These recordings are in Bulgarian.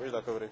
Виж dacă vrei.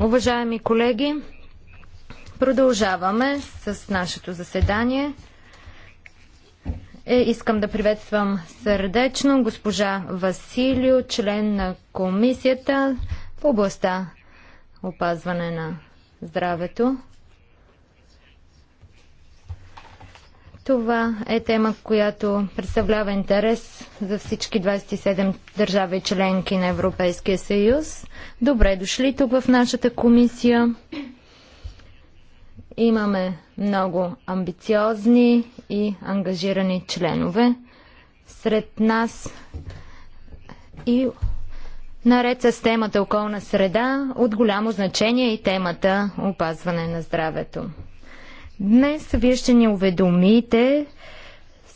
Уважаеми колеги, продължаваме с нашето заседание. Е, искам да приветствам сърдечно госпожа Василио, член на комисията в областта опазване на здравето. Това е тема, която представлява интерес за всички 27 държави членки на Европейския съюз. Добре дошли тук в нашата комисия. Имаме много амбициозни и ангажирани членове. Сред нас и наред с темата околна среда, от голямо значение е и темата опазване на здравето. Днес вие ще ни уведомите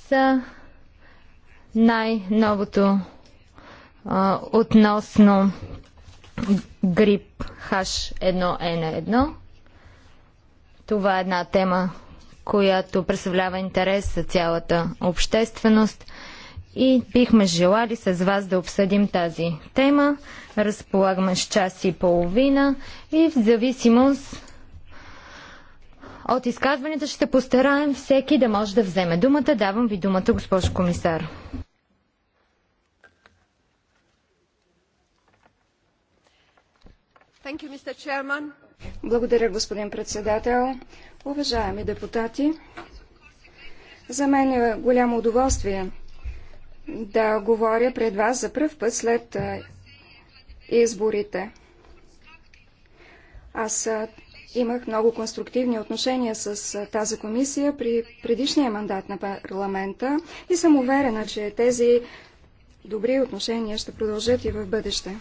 за най-новото относно грип H1N1. Това е една тема, която представлява интерес за цялата общественост и бихме желали с вас да обсъдим тази тема. Разполагаме с час и половина и в зависимост от изказванията ще постараем всеки да може да вземе думата. Давам ви думата, госпожо комисар. Благодаря, господин председател. Уважаеми депутати, за мен е голямо удоволствие да говоря пред вас за пръв път след изборите. Аз Имах много конструктивни отношения с тази комисия при предишния мандат на парламента и съм уверена, че тези добри отношения ще продължат и в бъдеще.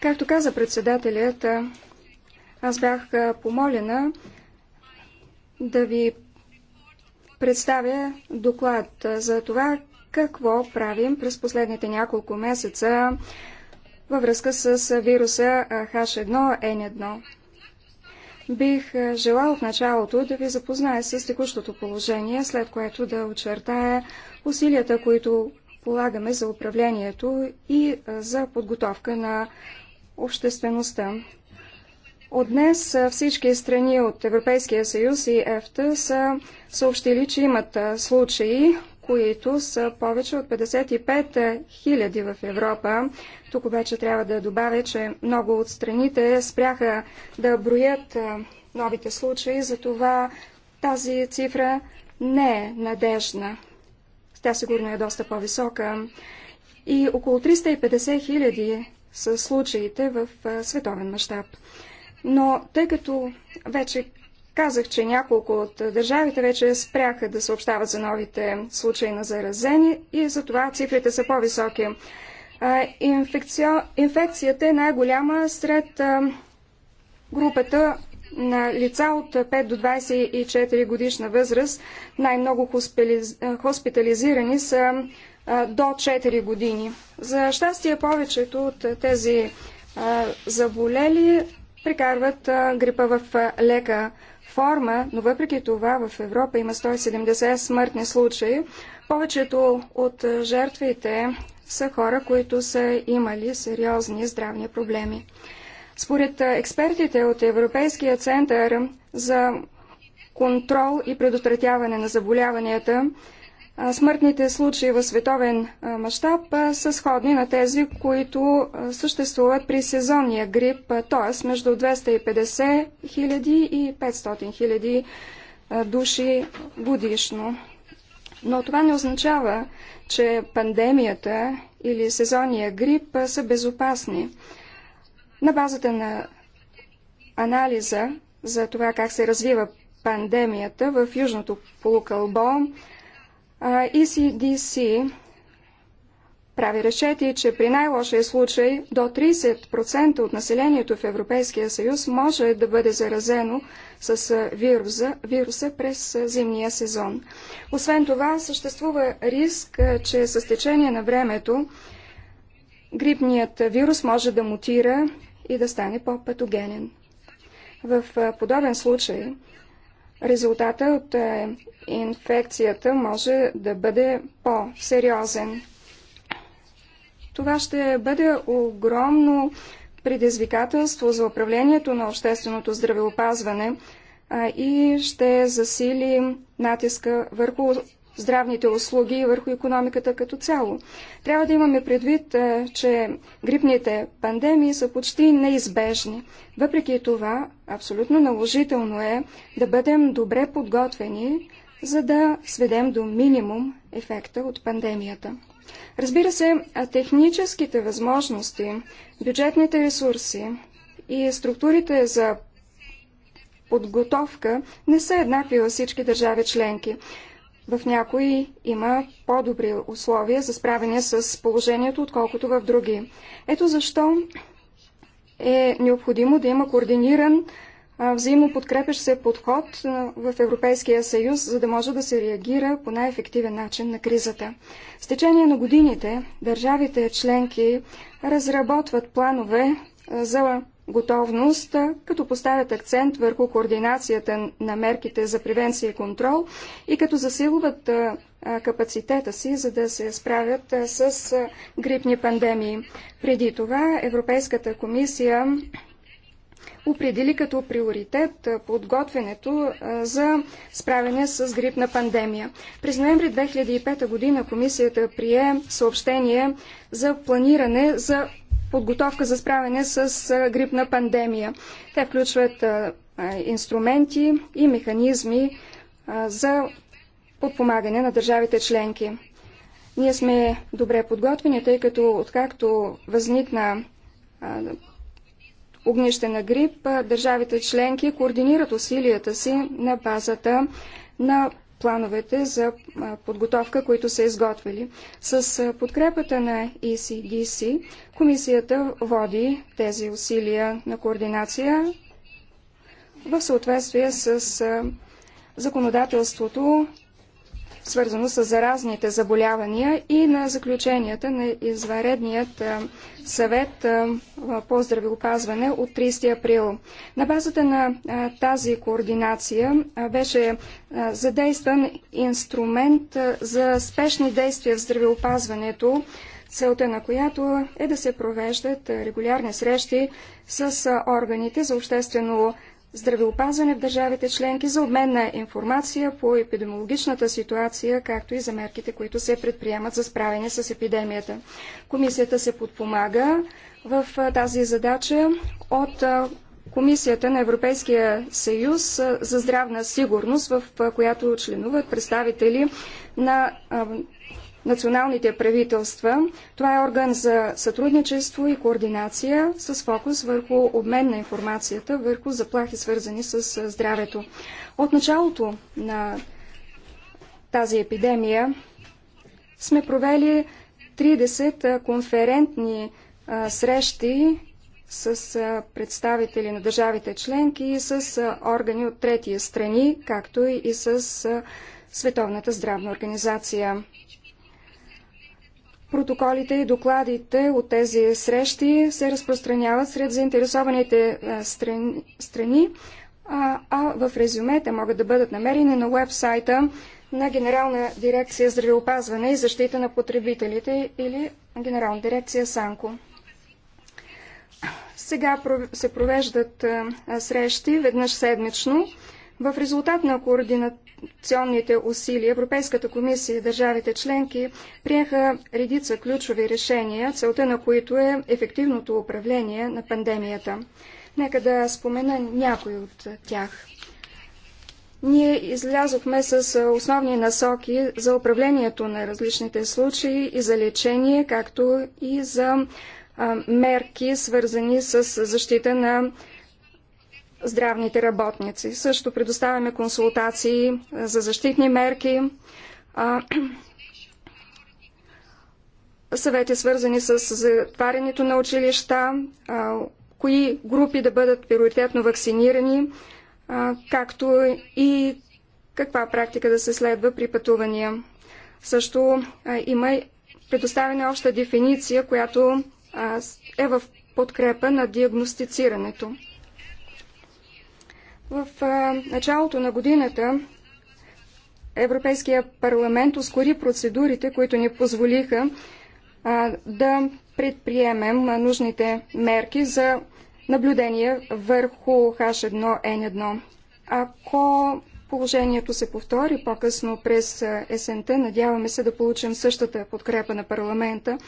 Както каза председателят, аз бях помолена да ви представя доклад за това какво правим през последните няколко месеца във връзка с вируса H1N1. Бих желал в началото да ви запозная с текущото положение, след което да очертая усилията, които полагаме за управлението и за подготовка на обществеността. От днес всички страни от Европейския съюз и ЕФТА са съобщили, че имат случаи които са повече от 55 000 в Европа. Тук обаче трябва да добавя, че много от страните спряха да броят новите случаи, затова тази цифра не е надежна. Тя сигурно е доста по-висока. И около 350 000 са случаите в световен мащаб. Но тъй като вече Казах, че няколко от държавите вече спряха да съобщават за новите случаи на заразени и затова цифрите са по-високи. Инфекцията е най-голяма сред групата на лица от 5 до 24 годишна възраст. Най-много хоспитализирани са до 4 години. За щастие повечето от тези заболели прекарват грипа в лека форма, но въпреки това в Европа има 170 смъртни случаи. Повечето от жертвите са хора, които са имали сериозни здравни проблеми. Според експертите от Европейския център за контрол и предотвратяване на заболяванията, Смъртните случаи в световен мащаб са сходни на тези, които съществуват при сезонния грип, т.е. между 250 000 и 500 000 души годишно. Но това не означава, че пандемията или сезонния грип са безопасни. На базата на анализа за това как се развива пандемията в Южното полукълбо, ECDC прави разчети, че при най-лошия случай до 30% от населението в Европейския съюз може да бъде заразено с вируса, вируса през зимния сезон. Освен това, съществува риск, че с течение на времето грипният вирус може да мутира и да стане по-патогенен. В подобен случай резултата от е, инфекцията може да бъде по-сериозен. Това ще бъде огромно предизвикателство за управлението на общественото здравеопазване и ще засили натиска върху здравните услуги и върху економиката като цяло. Трябва да имаме предвид, е, че грипните пандемии са почти неизбежни. Въпреки това, абсолютно наложително е да бъдем добре подготвени, за да сведем до минимум ефекта от пандемията. Разбира се, техническите възможности, бюджетните ресурси и структурите за подготовка не са еднакви във всички държави членки. В някои има по-добри условия за справяне с положението, отколкото в други. Ето защо е необходимо да има координиран взаимно подкрепящ се подход в Европейския съюз, за да може да се реагира по най-ефективен начин на кризата. С течение на годините държавите членки разработват планове за готовност, като поставят акцент върху координацията на мерките за превенция и контрол и като засилват капацитета си, за да се справят с грипни пандемии. Преди това Европейската комисия определи като приоритет подготвянето за справяне с грипна пандемия. През ноември 2005 година комисията прие съобщение за планиране за подготовка за справяне с грипна пандемия. Те включват инструменти и механизми за подпомагане на държавите членки. Ние сме добре подготвени, тъй като откакто възникна огнище на грип, държавите членки координират усилията си на базата на плановете за подготовка, които са изготвили. С подкрепата на ECDC комисията води тези усилия на координация в съответствие с законодателството свързано с заразните заболявания и на заключенията на изваредният съвет по здравеопазване от 30 април. На базата на тази координация беше задействан инструмент за спешни действия в здравеопазването, целта на която е да се провеждат регулярни срещи с органите за обществено здравеопазване в държавите членки за обмен на информация по епидемиологичната ситуация, както и за мерките, които се предприемат за справяне с епидемията. Комисията се подпомага в тази задача от Комисията на Европейския съюз за здравна сигурност, в която членуват представители на националните правителства. Това е орган за сътрудничество и координация с фокус върху обмен на информацията, върху заплахи свързани с здравето. От началото на тази епидемия сме провели 30 конферентни срещи с представители на държавите членки и с органи от третия страни, както и с Световната здравна организация. Протоколите и докладите от тези срещи се разпространяват сред заинтересованите е, страни, а в резюме могат да бъдат намерени на вебсайта на Генерална дирекция здравеопазване и защита на потребителите или Генерална дирекция Санко. Сега се провеждат е, срещи веднъж седмично в резултат на координационните усилия Европейската комисия и държавите членки приеха редица ключови решения, целта на които е ефективното управление на пандемията. Нека да спомена някои от тях. Ние излязохме с основни насоки за управлението на различните случаи и за лечение, както и за мерки, свързани с защита на здравните работници. Също предоставяме консултации за защитни мерки, съвети свързани с затварянето на училища, кои групи да бъдат приоритетно вакцинирани, както и каква практика да се следва при пътувания. Също има предоставена обща дефиниция, която е в подкрепа на диагностицирането. В началото на годината Европейския парламент ускори процедурите, които ни позволиха да предприемем нужните мерки за наблюдение върху H1N1. Ако положението се повтори по-късно през есента, надяваме се да получим същата подкрепа на парламента,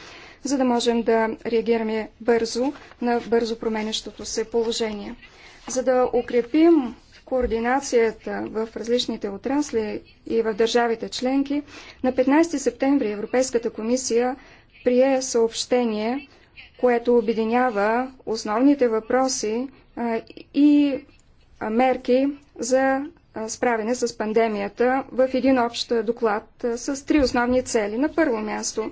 за да можем да реагираме бързо на бързо променящото се положение за да укрепим координацията в различните отрасли и в държавите членки, на 15 септември Европейската комисия прие съобщение, което обединява основните въпроси и мерки за справяне с пандемията в един общ доклад с три основни цели. На първо място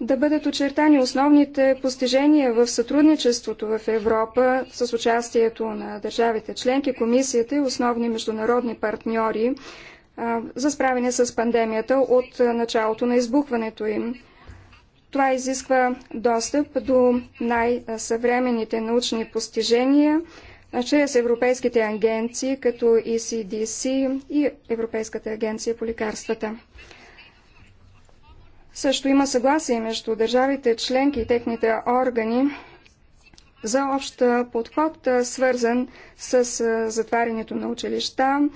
да бъдат очертани основните постижения в сътрудничеството в Европа с участието на държавите членки, комисията и основни международни партньори за справяне с пандемията от началото на избухването им. Това изисква достъп до най-съвременните научни постижения чрез европейските агенции, като ECDC и Европейската агенция по лекарствата. Също има съгласие между държавите членки и техните органи за общ подход, свързан с затварянето на училища,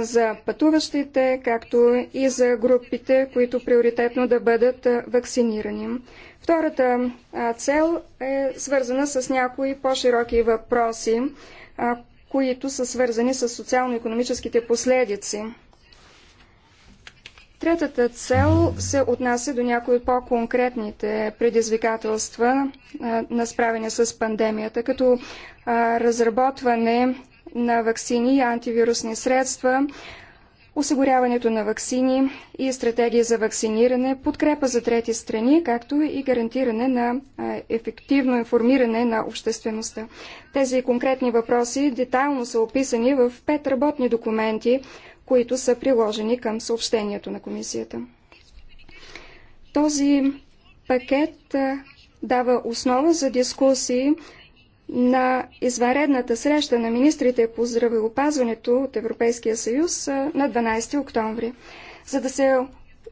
за пътуващите, както и за групите, които приоритетно да бъдат вакцинирани. Втората цел е свързана с някои по-широки въпроси, които са свързани с социално-економическите последици. Третата цел се отнася до някои от по-конкретните предизвикателства на справяне с пандемията, като разработване на вакцини и антивирусни средства, осигуряването на вакцини и стратегии за вакциниране, подкрепа за трети страни, както и гарантиране на ефективно информиране на обществеността. Тези конкретни въпроси детайлно са описани в пет работни документи, които са приложени към съобщението на комисията. Този пакет дава основа за дискусии на извънредната среща на министрите по здравеопазването от Европейския съюз на 12 октомври. За да се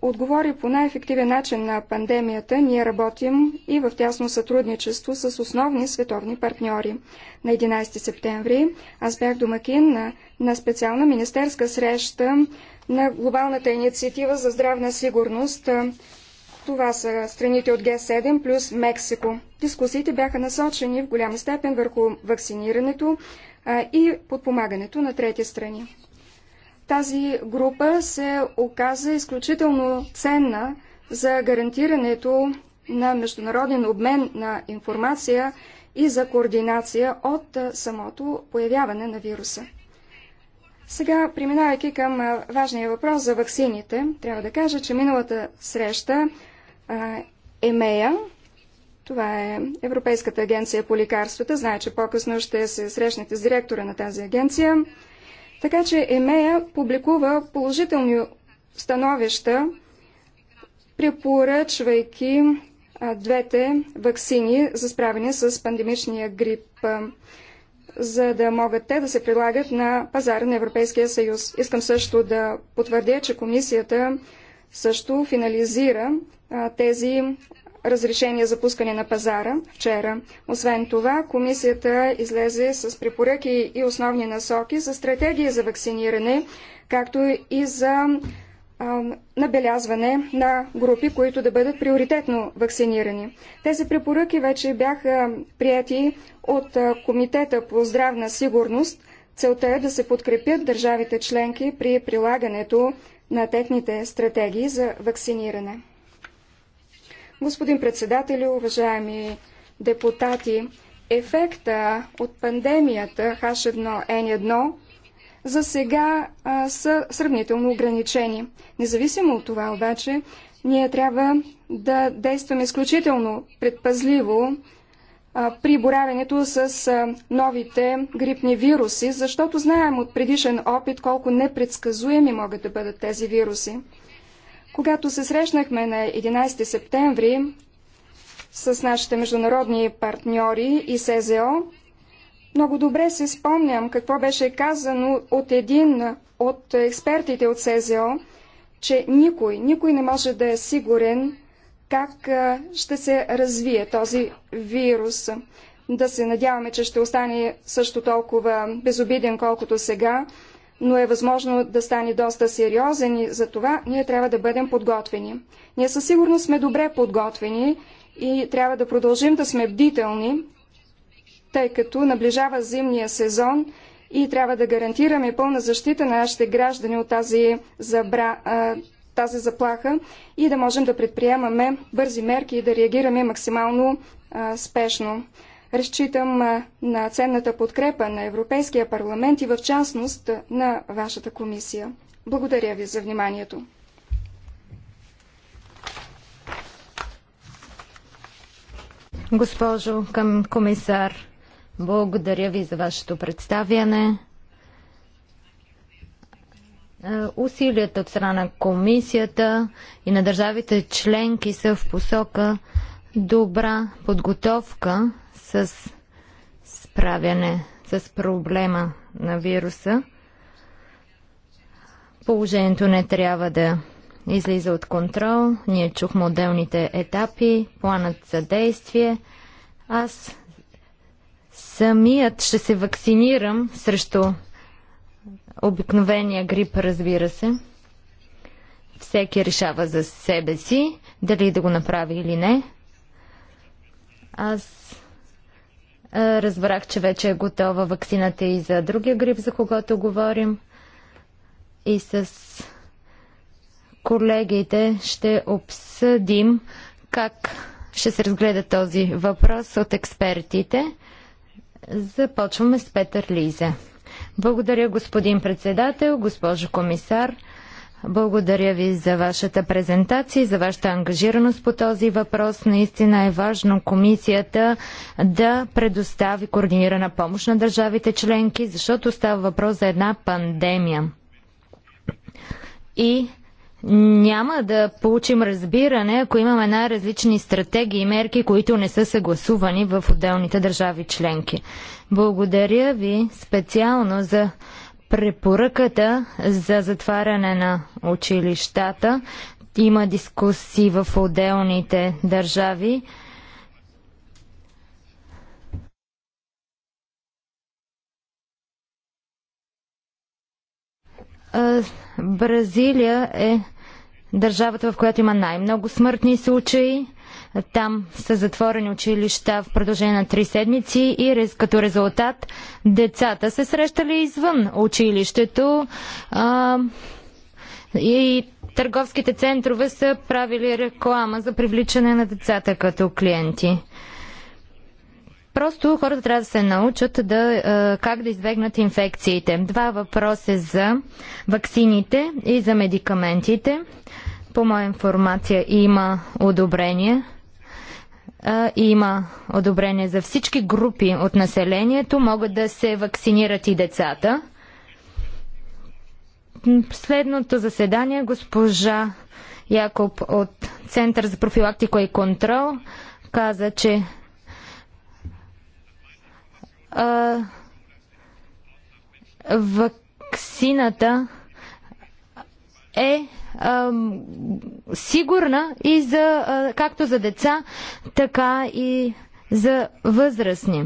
отговори по най-ефективен начин на пандемията, ние работим и в тясно сътрудничество с основни световни партньори. На 11 септември аз бях домакин на, на специална министерска среща на глобалната инициатива за здравна сигурност. Това са страните от Г7 плюс Мексико. Дискусиите бяха насочени в голяма степен върху вакцинирането и подпомагането на трети страни. Тази група се оказа изключително ценна за гарантирането на международен обмен на информация и за координация от самото появяване на вируса. Сега, преминавайки към важния въпрос за ваксините, трябва да кажа, че миналата среща ЕМЕЯ, това е Европейската агенция по лекарствата, знае, че по-късно ще се срещнете с директора на тази агенция, така че ЕМЕЯ публикува положителни становища, препоръчвайки двете вакцини за справяне с пандемичния грип, за да могат те да се прилагат на пазара на Европейския съюз. Искам също да потвърдя, че комисията също финализира тези разрешение за пускане на пазара вчера. Освен това, комисията излезе с препоръки и основни насоки за стратегии за вакциниране, както и за набелязване на групи, които да бъдат приоритетно вакцинирани. Тези препоръки вече бяха прияти от Комитета по здравна сигурност. Целта е да се подкрепят държавите членки при прилагането на техните стратегии за вакциниране. Господин председател, уважаеми депутати, ефекта от пандемията H1N1 за сега а, са сравнително ограничени. Независимо от това обаче, ние трябва да действаме изключително предпазливо при боравенето с а, новите грипни вируси, защото знаем от предишен опит колко непредсказуеми могат да бъдат тези вируси. Когато се срещнахме на 11 септември с нашите международни партньори и СЗО, много добре се спомням какво беше казано от един от експертите от СЗО, че никой, никой не може да е сигурен как ще се развие този вирус. Да се надяваме, че ще остане също толкова безобиден, колкото сега, но е възможно да стане доста сериозен и за това ние трябва да бъдем подготвени. Ние със сигурност сме добре подготвени и трябва да продължим да сме бдителни, тъй като наближава зимния сезон и трябва да гарантираме пълна защита на нашите граждани от тази, забра, тази заплаха и да можем да предприемаме бързи мерки и да реагираме максимално спешно. Разчитам на ценната подкрепа на Европейския парламент и в частност на вашата комисия. Благодаря ви за вниманието. Госпожо към комисар, благодаря ви за вашето представяне. Усилията от страна на комисията и на държавите членки са в посока добра подготовка с справяне с проблема на вируса. Положението не трябва да излиза от контрол. Ние чухме отделните етапи, планът за действие. Аз самият ще се вакцинирам срещу обикновения грип, разбира се. Всеки решава за себе си дали да го направи или не. Аз е, разбрах, че вече е готова вакцината и за другия грип, за когато говорим. И с колегите ще обсъдим как ще се разгледа този въпрос от експертите. Започваме с Петър Лизе. Благодаря, господин председател, госпожо комисар. Благодаря ви за вашата презентация и за вашата ангажираност по този въпрос. Наистина е важно комисията да предостави координирана помощ на държавите членки, защото става въпрос за една пандемия. И няма да получим разбиране, ако имаме най-различни стратегии и мерки, които не са съгласувани в отделните държави членки. Благодаря ви специално за препоръката за затваряне на училищата. Има дискусии в отделните държави. Бразилия е държавата, в която има най-много смъртни случаи. Там са затворени училища в продължение на три седмици и като резултат децата се срещали извън училището. А, и търговските центрове са правили реклама за привличане на децата като клиенти. Просто хората трябва да се научат да, как да избегнат инфекциите. Два въпроса за ваксините и за медикаментите. По моя информация има одобрение има одобрение за всички групи от населението. Могат да се вакцинират и децата. Следното заседание госпожа Якоб от Център за профилактика и контрол каза, че а, вакцината е сигурна и за, както за деца, така и за възрастни.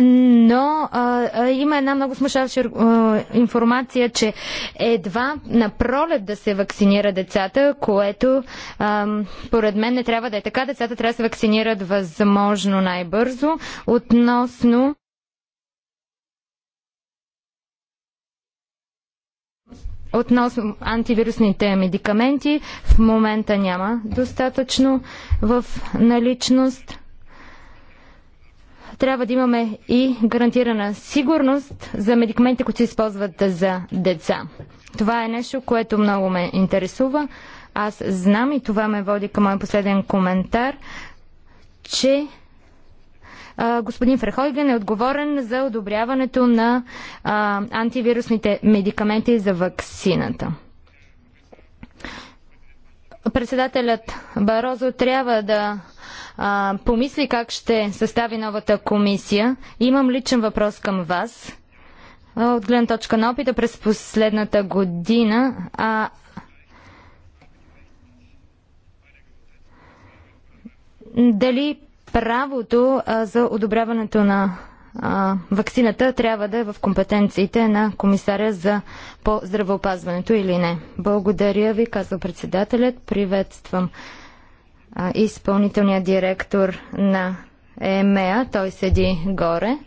Но а, а, има една много смешаваща информация, че едва на пролет да се вакцинира децата, което а, поред мен не трябва да е така. Децата трябва да се вакцинират възможно най-бързо относно Относно антивирусните медикаменти, в момента няма достатъчно в наличност. Трябва да имаме и гарантирана сигурност за медикаменти, които се използват за деца. Това е нещо, което много ме интересува. Аз знам и това ме води към моят последен коментар, че господин Ферхойген е отговорен за одобряването на а, антивирусните медикаменти за ваксината. Председателят Барозо трябва да а, помисли как ще състави новата комисия. Имам личен въпрос към вас. От гледна точка на опита през последната година, а, дали правото а, за одобряването на а, вакцината трябва да е в компетенциите на комисаря за по здравеопазването или не. Благодаря ви, казва председателят. Приветствам а, изпълнителния директор на ЕМЕА. Той седи горе.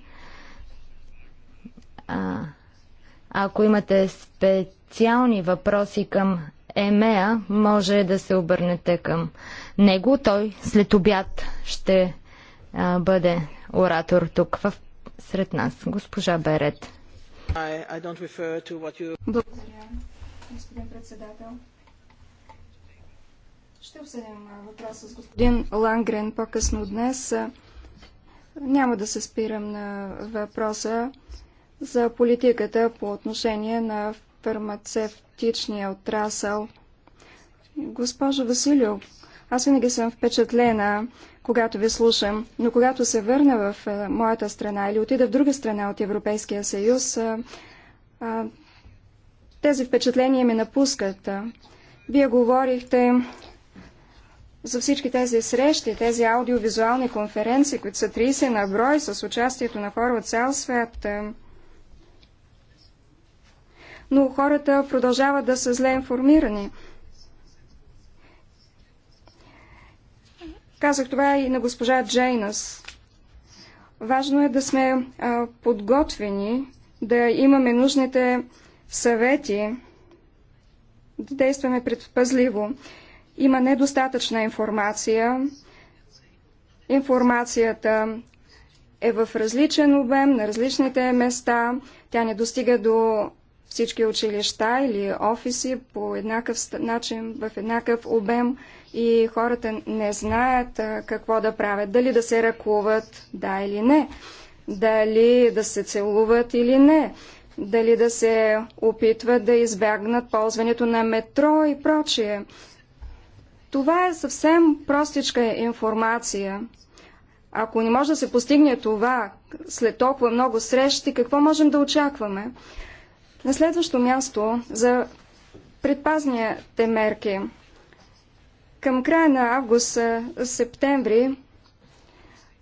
А, ако имате специални въпроси към ЕМЕА, може да се обърнете към него. Той след обяд ще а, бъде оратор тук в, сред нас. Госпожа Берет. I, I you... Благодаря, господин председател. Ще обсъдим въпроса с господин Лангрен по-късно днес. Няма да се спирам на въпроса за политиката по отношение на фармацевтичния отрасъл. Госпожо Василио, аз винаги съм впечатлена, когато ви слушам, но когато се върна в е, моята страна или отида в друга страна от Европейския съюз, е, е, тези впечатления ме напускат. Вие говорихте за всички тези срещи, тези аудиовизуални конференции, които са 30 на брой с участието на хора от цял свят. Но хората продължават да са зле информирани. Казах това и на госпожа Джейнас. Важно е да сме а, подготвени, да имаме нужните съвети, да действаме предпазливо. Има недостатъчна информация. Информацията е в различен обем, на различните места. Тя не достига до всички училища или офиси по еднакъв начин, в еднакъв обем и хората не знаят какво да правят. Дали да се ръкуват, да или не. Дали да се целуват или не. Дали да се опитват да избягнат ползването на метро и прочие. Това е съвсем простичка информация. Ако не може да се постигне това след толкова много срещи, какво можем да очакваме? На следващо място за предпазните мерки. Към края на август-септември,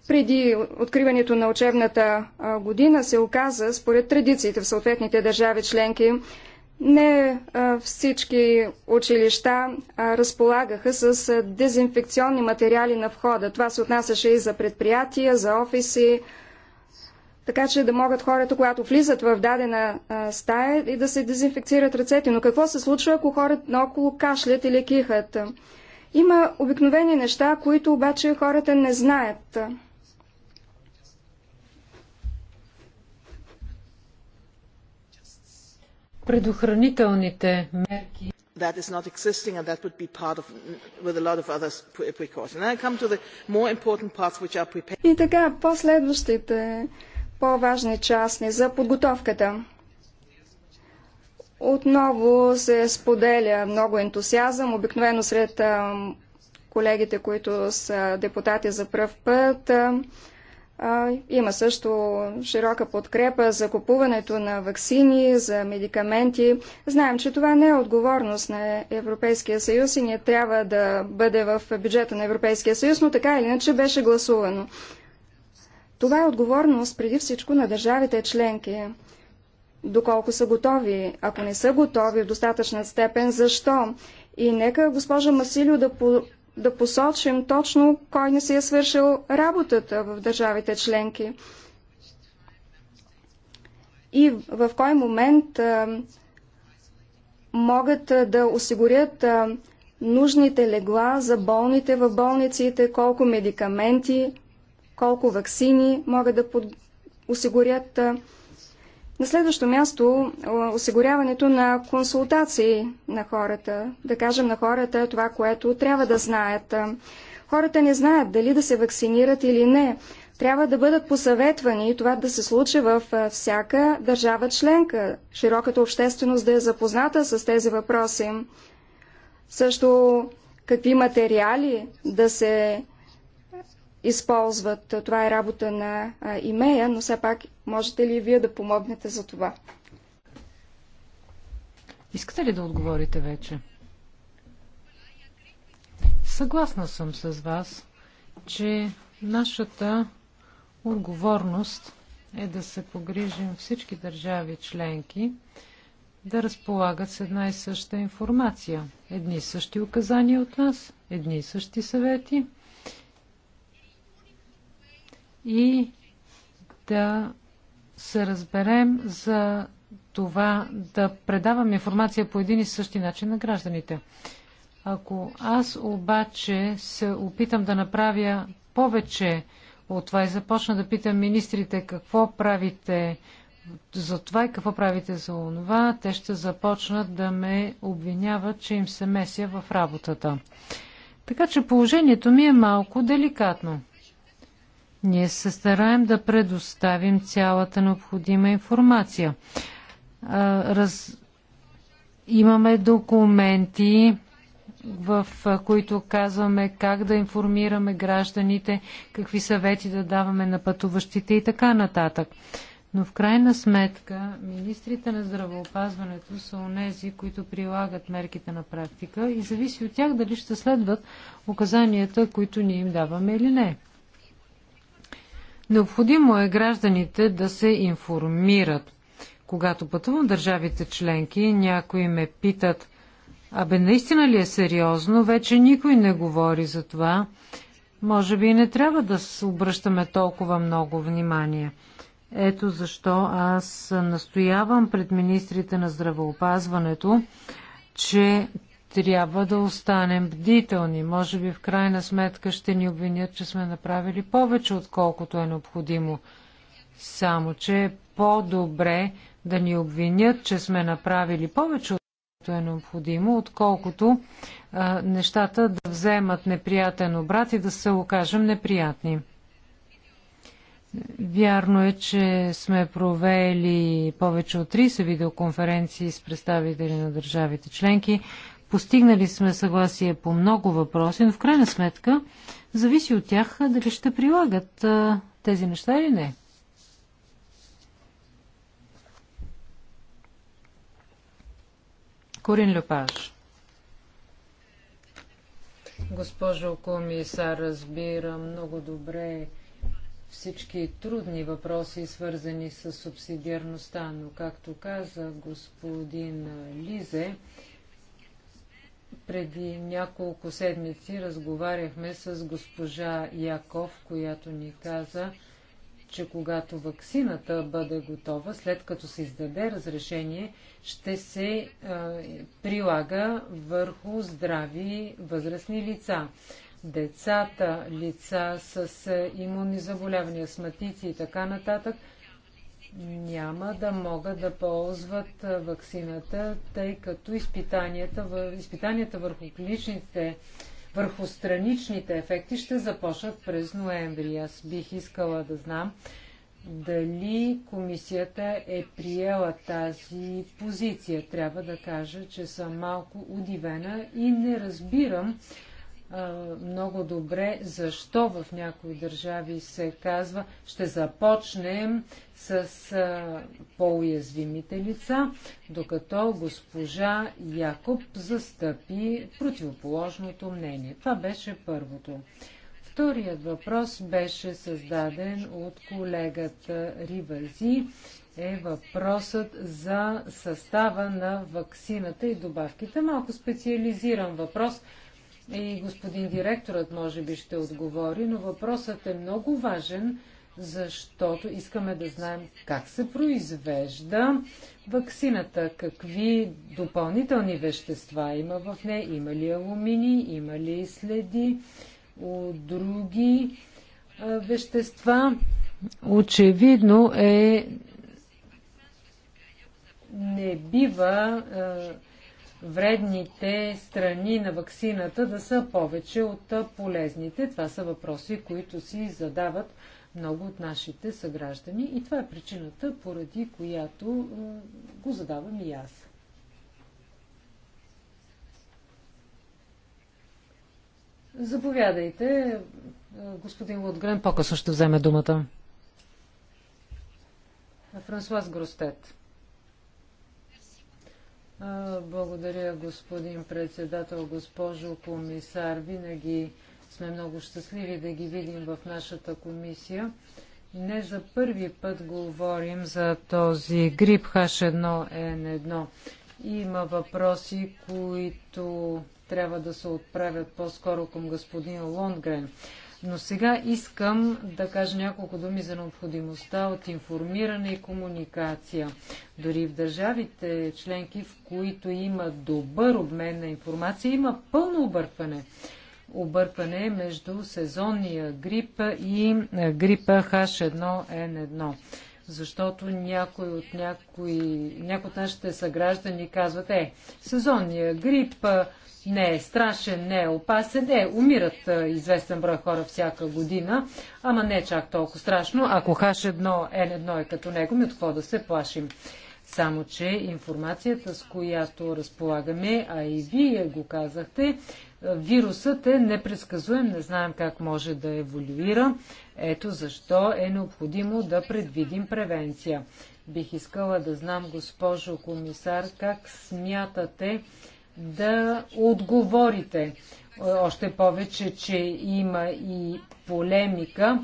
преди откриването на учебната година, се оказа, според традициите в съответните държави членки, не всички училища разполагаха с дезинфекционни материали на входа. Това се отнасяше и за предприятия, за офиси, така че да могат хората, когато влизат в дадена стая, и да се дезинфекцират ръцете. Но какво се случва, ако хората наоколо кашлят или кихат? Има обикновени неща, които обаче хората не знаят. Предохранителните мерки that is not existing and that would be part of with a lot of other precautions. And I come to the more important parts which are prepared. И така, последващите по-важни не за подготовката. Отново се споделя много ентусиазъм, обикновено сред колегите, които са депутати за пръв път. Има също широка подкрепа за купуването на вакцини, за медикаменти. Знаем, че това не е отговорност на Европейския съюз и не трябва да бъде в бюджета на Европейския съюз, но така или иначе беше гласувано. Това е отговорност преди всичко на държавите членки. Доколко са готови? Ако не са готови в достатъчна степен, защо? И нека госпожа Масилио да, по, да посочим точно кой не си е свършил работата в държавите членки. И в кой момент а, могат да осигурят а, нужните легла за болните в болниците, колко медикаменти, колко вакцини могат да под... осигурят. На следващо място, осигуряването на консултации на хората. Да кажем на хората това, което трябва да знаят. Хората не знаят дали да се вакцинират или не. Трябва да бъдат посъветвани и това да се случи в всяка държава членка. Широката общественост да е запозната с тези въпроси. Също какви материали да се използват. Това е работа на имея, но все пак можете ли вие да помогнете за това? Искате ли да отговорите вече? Съгласна съм с вас, че нашата отговорност е да се погрижим всички държави членки да разполагат с една и съща информация, едни и същи указания от нас, едни и същи съвети, и да се разберем за това да предавам информация по един и същи начин на гражданите. Ако аз обаче се опитам да направя повече от това и започна да питам министрите какво правите за това и какво правите за онова, те ще започнат да ме обвиняват, че им се меся в работата. Така че положението ми е малко деликатно. Ние се стараем да предоставим цялата необходима информация. Раз... Имаме документи, в които казваме как да информираме гражданите, какви съвети да даваме на пътуващите и така нататък. Но в крайна сметка министрите на здравеопазването са онези, които прилагат мерките на практика и зависи от тях дали ще следват указанията, които ние им даваме или не. Необходимо е гражданите да се информират. Когато пътувам държавите членки, някои ме питат, абе наистина ли е сериозно, вече никой не говори за това. Може би и не трябва да се обръщаме толкова много внимание. Ето защо аз настоявам пред министрите на здравеопазването, че трябва да останем бдителни. Може би в крайна сметка ще ни обвинят, че сме направили повече, отколкото е необходимо. Само, че е по-добре да ни обвинят, че сме направили повече, отколкото е необходимо, отколкото а, нещата да вземат неприятен обрат и да се окажем неприятни. Вярно е, че сме провели повече от 30 видеоконференции с представители на държавите членки. Постигнали сме съгласие по много въпроси, но в крайна сметка зависи от тях дали ще прилагат а, тези неща или не. Корин Лепаш. Госпожо комисар, разбира много добре всички трудни въпроси, свързани с субсидиарността, но както каза господин Лизе, преди няколко седмици разговаряхме с госпожа Яков, която ни каза, че когато ваксината бъде готова, след като се издаде разрешение, ще се а, е, прилага върху здрави възрастни лица. Децата, лица с е, имунни заболявания, сматици и така нататък – няма да могат да ползват вакцината, тъй като изпитанията, изпитанията върху клиничните, върху страничните ефекти ще започнат през ноември. Аз бих искала да знам дали комисията е приела тази позиция. Трябва да кажа, че съм малко удивена и не разбирам много добре защо в някои държави се казва ще започнем с по-уязвимите лица, докато госпожа Якоб застъпи противоположното мнение. Това беше първото. Вторият въпрос беше създаден от колегата Ривази е въпросът за състава на ваксината и добавките. Малко специализиран въпрос, и господин директорът може би ще отговори, но въпросът е много важен, защото искаме да знаем как се произвежда ваксината, какви допълнителни вещества има в нея, има ли алумини, има ли следи от други вещества. Очевидно е не бива а, вредните страни на ваксината да са повече от полезните. Това са въпроси, които си задават много от нашите съграждани и това е причината, поради която го задавам и аз. Заповядайте. Господин Лотгрен по-късно ще вземе думата. Франсуаз Гростет. Благодаря, господин председател, госпожо комисар. Винаги сме много щастливи да ги видим в нашата комисия. Не за първи път говорим за този грип H1N1. Има въпроси, които трябва да се отправят по-скоро към господин Лонгрен. Но сега искам да кажа няколко думи за необходимостта от информиране и комуникация. Дори в държавите членки, в които има добър обмен на информация, има пълно объркване. Объркване между сезонния грип и е, грипа H1N1 защото някой от, някой, някой от нашите съграждани казват, е, сезонния грип не е страшен, не е опасен, е, умират известен брой хора всяка година, ама не е чак толкова страшно. Ако хаш едно, е едно е като него, ми от какво да се плашим? Само, че информацията, с която разполагаме, а и вие го казахте, Вирусът е непредсказуем, не знаем как може да еволюира. Ето защо е необходимо да предвидим превенция. Бих искала да знам, госпожо комисар, как смятате да отговорите. Още повече, че има и полемика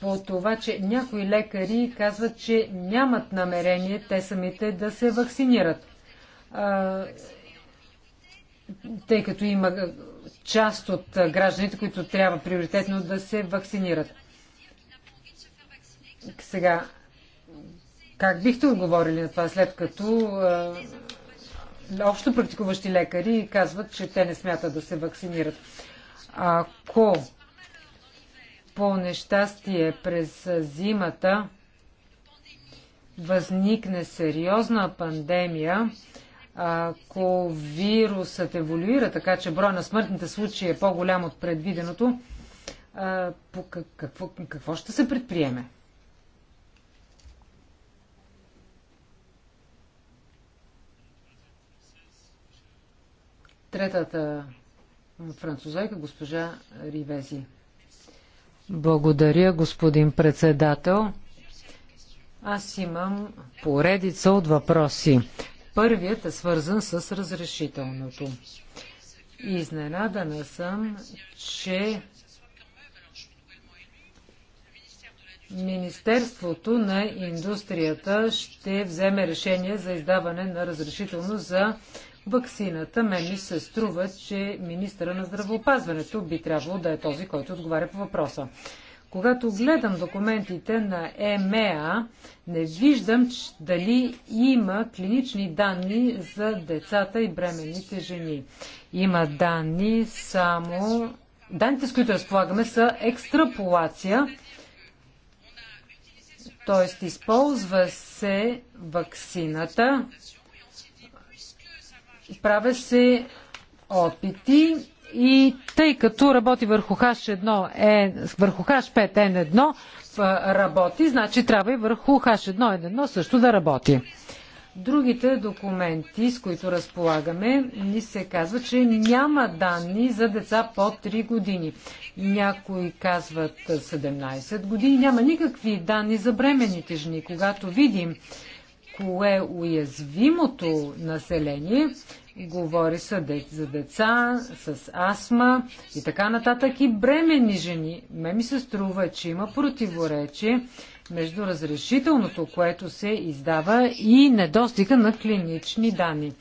по това, че някои лекари казват, че нямат намерение те самите да се вакцинират тъй като има част от гражданите, които трябва приоритетно да се вакцинират. Сега, как бихте отговорили на това, след като а, общо практикуващи лекари казват, че те не смятат да се вакцинират? Ако по нещастие през зимата възникне сериозна пандемия, ако вирусът еволюира, така че броя на смъртните случаи е по-голям от предвиденото, по какво, какво ще се предприеме? Третата французойка, госпожа Ривези. Благодаря, господин председател. Аз имам поредица от въпроси. Първият е свързан с разрешителното. Изненадана съм, че Министерството на индустрията ще вземе решение за издаване на разрешително за ваксината. Мен ми се струва, че министра на здравеопазването би трябвало да е този, който отговаря по въпроса. Когато гледам документите на ЕМЕА, не виждам дали има клинични данни за децата и бременните жени. Има данни само... Данните, с които разполагаме, са екстраполация, т.е. използва се ваксината, правя се опити и тъй като работи върху H1, е, върху H5 N1 работи, значи трябва и върху H1 N1 също да работи. Другите документи, с които разполагаме, ни се казва, че няма данни за деца по 3 години. Някои казват 17 години. Няма никакви данни за бременните жени. Когато видим кое е уязвимото население, Говори се за деца с астма и така нататък и бремени жени. Ме ми се струва, че има противоречие между разрешителното, което се издава и недостига на клинични данни.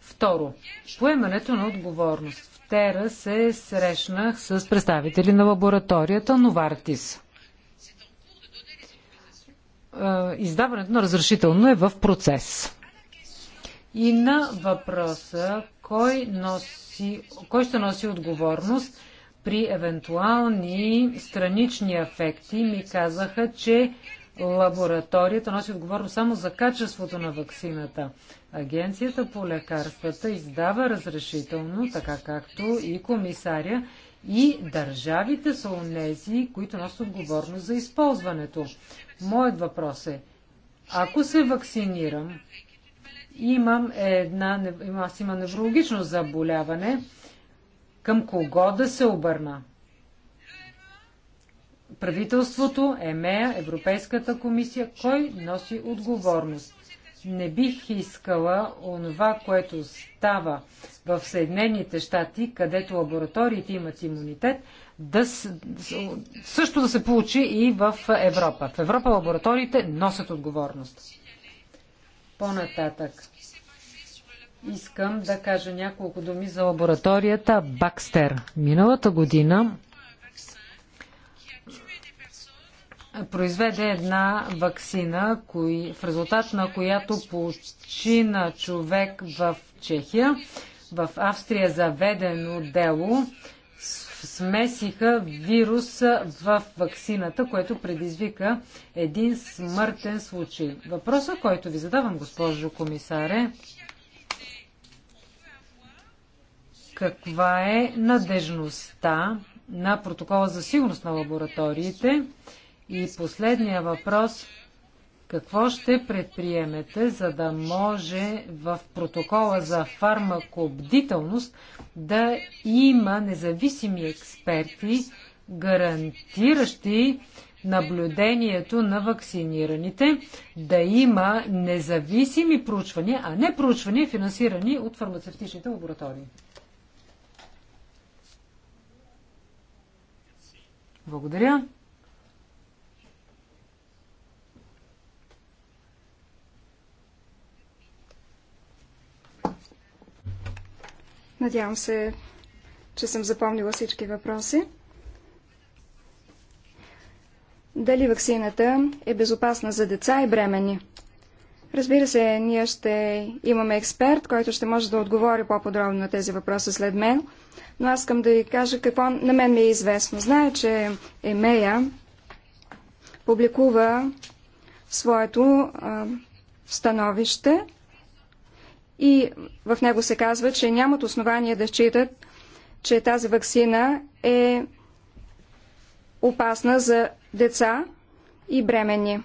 Второ, поемането на отговорност. Вчера се срещнах с представители на лабораторията Новартис. Е, издаването на разрешително е в процес и на въпроса кой, носи, кой ще носи отговорност при евентуални странични ефекти ми казаха, че лабораторията носи отговорност само за качеството на ваксината. Агенцията по лекарствата издава разрешително, така както и комисаря, и държавите са онези, които носят отговорност за използването. Моят въпрос е, ако се вакцинирам, имам една, аз имам неврологично заболяване, към кого да се обърна? Правителството, ЕМЕА, Европейската комисия, кой носи отговорност? Не бих искала онова, което става в Съединените щати, където лабораториите имат имунитет, да, също да се получи и в Европа. В Европа лабораториите носят отговорност. По-нататък. Искам да кажа няколко думи за лабораторията Бакстер. Миналата година произведе една вакцина, кои, в резултат на която почина човек в Чехия. В Австрия заведено дело смесиха вирус в ваксината, което предизвика един смъртен случай. Въпросът, който ви задавам, госпожо комисаре, каква е надежността на протокола за сигурност на лабораториите? И последния въпрос – какво ще предприемете, за да може в протокола за фармакобдителност да има независими експерти, гарантиращи наблюдението на вакцинираните, да има независими проучвания, а не проучвания, финансирани от фармацевтичните лаборатории? Благодаря. Надявам се, че съм запомнила всички въпроси. Дали вакцината е безопасна за деца и бремени? Разбира се, ние ще имаме експерт, който ще може да отговори по-подробно на тези въпроси след мен, но аз искам да ви кажа какво на мен ми е известно. Зная, че Емея публикува своето а, становище и в него се казва, че нямат основание да считат, че тази вакцина е опасна за деца и бременни.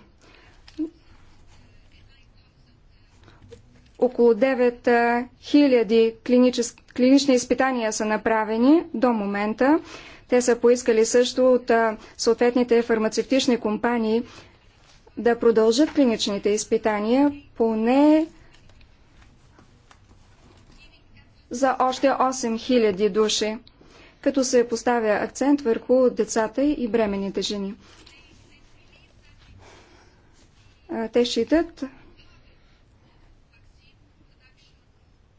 Около 9000 клиничес... клинични изпитания са направени до момента. Те са поискали също от съответните фармацевтични компании да продължат клиничните изпитания поне за още 8000 души, като се поставя акцент върху децата и бременните жени. Те считат,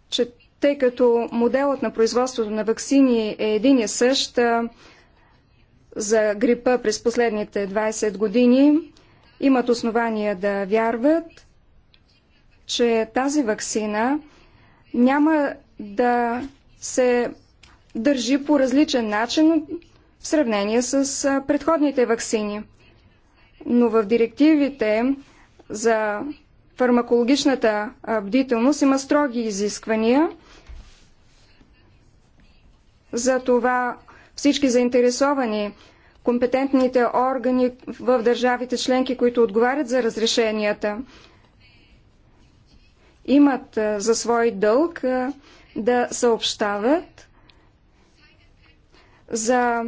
че тъй като моделът на производството на вакцини е един и същ за грипа през последните 20 години, имат основания да вярват, че тази вакцина няма да се държи по различен начин в сравнение с предходните вакцини. Но в директивите за фармакологичната бдителност има строги изисквания за това всички заинтересовани компетентните органи в държавите членки, които отговарят за разрешенията, имат за свой дълг да съобщават за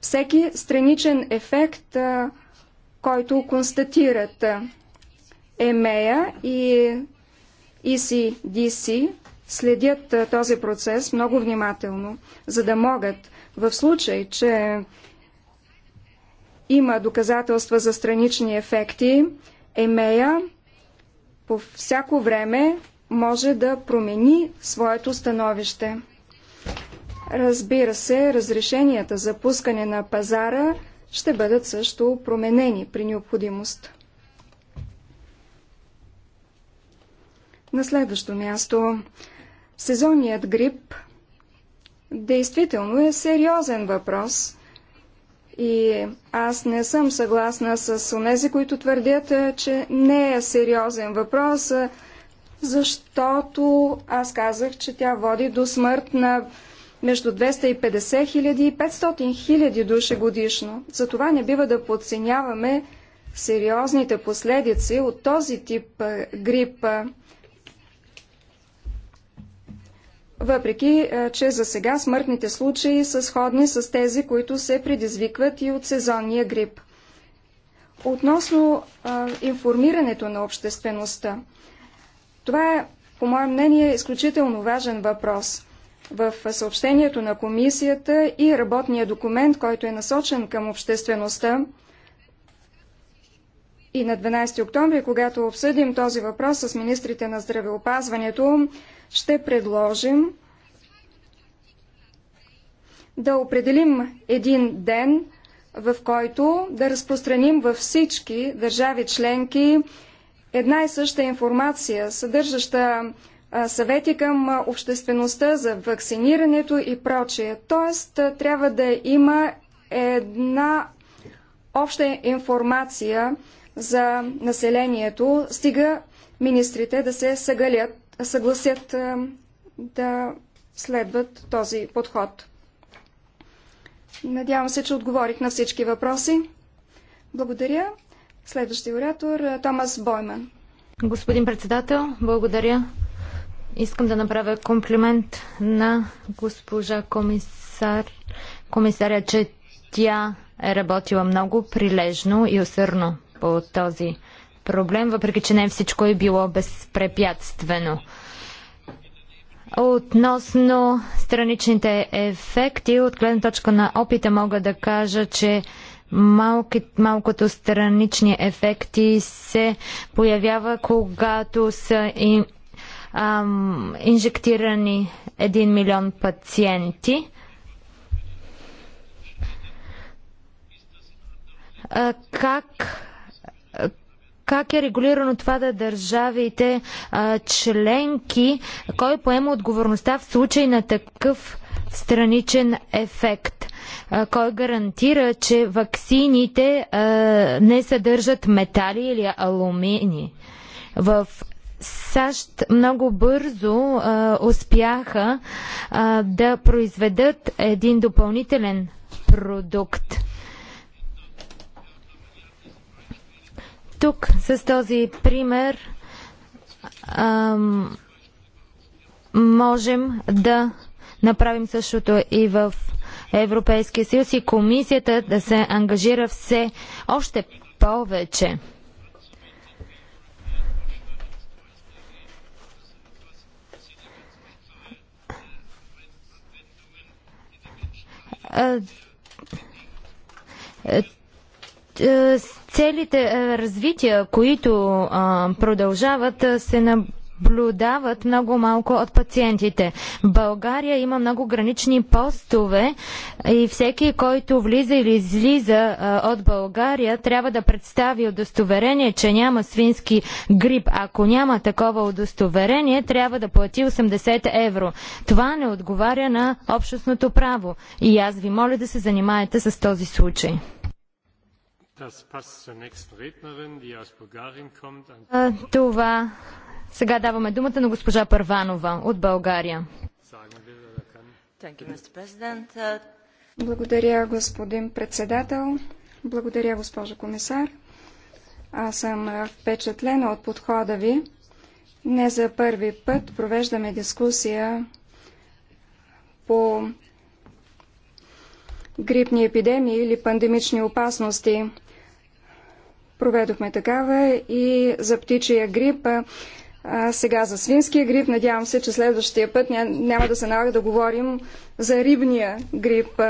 всеки страничен ефект, който констатират ЕМЕЯ и ECDC следят този процес много внимателно, за да могат в случай, че има доказателства за странични ефекти, ЕМЕЯ по всяко време може да промени своето становище. Разбира се, разрешенията за пускане на пазара ще бъдат също променени при необходимост. На следващо място, сезонният грип действително е сериозен въпрос и аз не съм съгласна с онези, които твърдят, е, че не е сериозен въпрос, е, защото аз казах, че тя води до смърт на между 250 хиляди и 500 хиляди души годишно. Затова не бива да подценяваме сериозните последици от този тип грип, въпреки че за сега смъртните случаи са сходни с тези, които се предизвикват и от сезонния грип. Относно а, информирането на обществеността, това е, по мое мнение, е изключително важен въпрос. В съобщението на комисията и работния документ, който е насочен към обществеността, и на 12 октомври, когато обсъдим този въпрос с министрите на здравеопазването, ще предложим да определим един ден, в който да разпространим във всички държави членки една и съща информация, съдържаща съвети към обществеността за вакцинирането и прочее. Тоест, трябва да има една обща информация за населението, стига министрите да се съгалят, съгласят да следват този подход. Надявам се, че отговорих на всички въпроси. Благодаря. Следващия оратор е, Томас Бойман. Господин председател, благодаря. Искам да направя комплимент на госпожа комисар, комисаря, че тя е работила много прилежно и усърно по този проблем, въпреки че не всичко е било безпрепятствено. Относно страничните ефекти, от гледна точка на опита мога да кажа, че малки, малкото странични ефекти се появява, когато са и, ам, инжектирани 1 милион пациенти. А, как как е регулирано това да държавите а, членки, кой поема отговорността в случай на такъв страничен ефект? А, кой гарантира, че ваксините а, не съдържат метали или алумини? В САЩ много бързо а, успяха а, да произведат един допълнителен продукт Тук с този пример ам, можем да направим същото и в Европейския съюз и комисията да се ангажира все още повече. Е, целите е, развития, които продължават, е, се наблюдават много малко от пациентите. В България има много гранични постове и всеки, който влиза или излиза от България, трябва да представи удостоверение, че няма свински грип. Ако няма такова удостоверение, трябва да плати 80 евро. Това не отговаря на общностното право. И аз ви моля да се занимаете с този случай. Това сега даваме думата на госпожа Първанова от България. Uh, Благодаря, господин председател. Благодаря, госпожа комисар. Аз съм впечатлена от подхода ви. Не за първи път провеждаме дискусия по грипни епидемии или пандемични опасности – Проведохме такава и за птичия грип. А сега за свинския грип. Надявам се, че следващия път няма да се налага да говорим за рибния грип.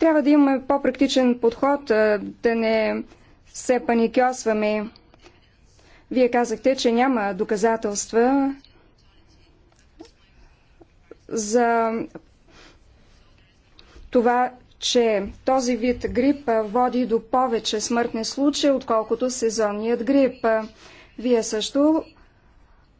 Трябва да имаме по-практичен подход, да не се паникьосваме. Вие казахте, че няма доказателства за това, че този вид грип води до повече смъртни случаи, отколкото сезонният грип. Вие също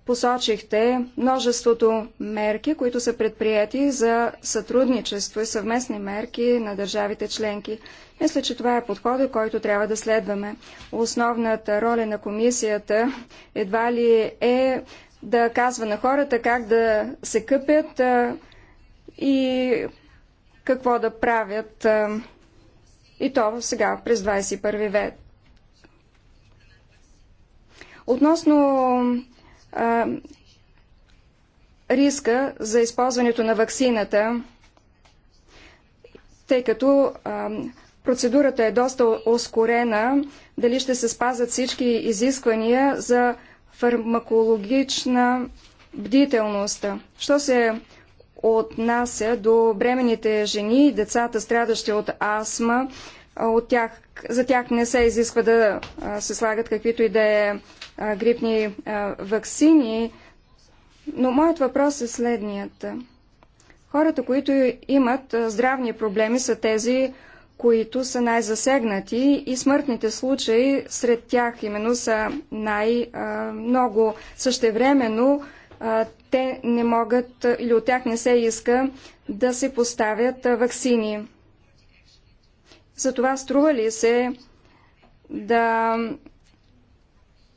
посочихте множеството мерки, които са предприяти за сътрудничество и съвместни мерки на държавите членки. Мисля, че това е подходът, който трябва да следваме. Основната роля на комисията едва ли е да казва на хората как да се къпят и какво да правят и то сега, през 21 век. Относно а, риска за използването на ваксината, тъй като а, процедурата е доста ускорена, дали ще се спазат всички изисквания за фармакологична бдителност. Що се отнася до бременните жени и децата, страдащи от астма. От тях, за тях не се изисква да се слагат каквито и да е грипни вакцини. Но моят въпрос е следният. Хората, които имат здравни проблеми, са тези, които са най-засегнати и смъртните случаи сред тях именно са най-много. Същевременно те не могат или от тях не се иска да се поставят вакцини. Затова струва ли се да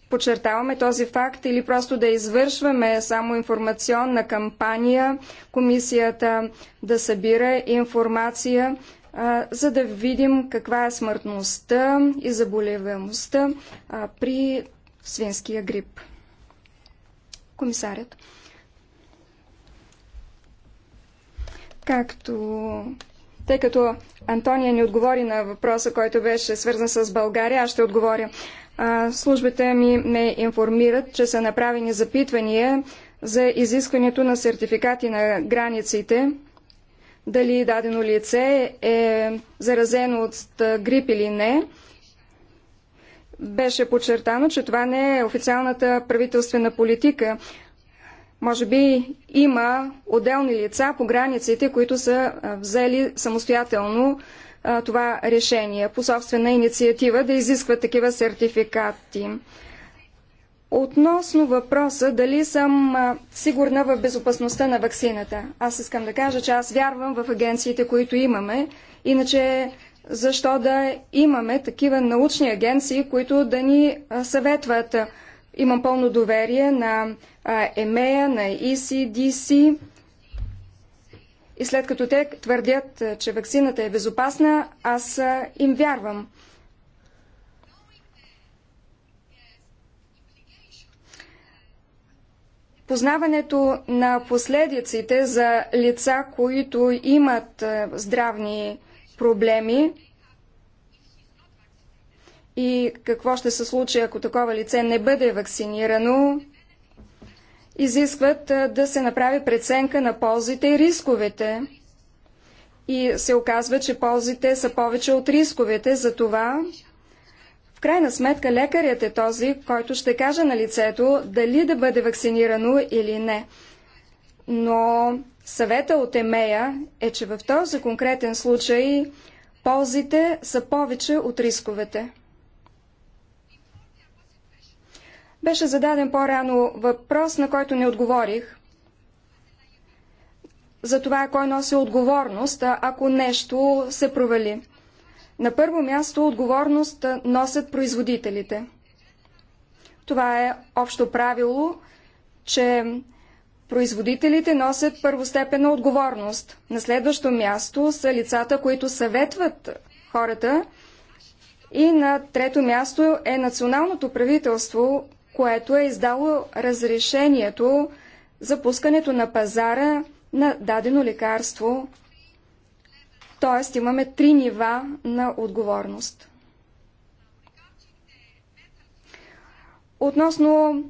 подчертаваме този факт или просто да извършваме само информационна кампания, комисията да събира информация, за да видим каква е смъртността и заболеваемостта при свинския грип комисарят. Както тъй като Антония ни отговори на въпроса, който беше свързан с България, аз ще отговоря. А, службите ми ме информират, че са направени запитвания за изискването на сертификати на границите, дали дадено лице е заразено от грип или не. Беше подчертано, че това не е официалната правителствена политика. Може би има отделни лица по границите, които са взели самостоятелно това решение по собствена инициатива да изискват такива сертификати. Относно въпроса дали съм сигурна в безопасността на ваксината, аз искам да кажа, че аз вярвам в агенциите, които имаме, иначе защо да имаме такива научни агенции, които да ни съветват. Имам пълно доверие на ЕМЕА, на ECDC. И след като те твърдят, че вакцината е безопасна, аз им вярвам. Познаването на последиците за лица, които имат здравни проблеми и какво ще се случи, ако такова лице не бъде вакцинирано, изискват да се направи преценка на ползите и рисковете. И се оказва, че ползите са повече от рисковете, затова в крайна сметка лекарят е този, който ще каже на лицето дали да бъде вакцинирано или не. Но Съвета от Емея е, че в този конкретен случай ползите са повече от рисковете. Беше зададен по-рано въпрос, на който не отговорих. За това кой носи отговорност, ако нещо се провали. На първо място отговорност носят производителите. Това е общо правило, че производителите носят първостепенна отговорност. На следващо място са лицата, които съветват хората. И на трето място е националното правителство, което е издало разрешението за пускането на пазара на дадено лекарство. Тоест имаме три нива на отговорност. Относно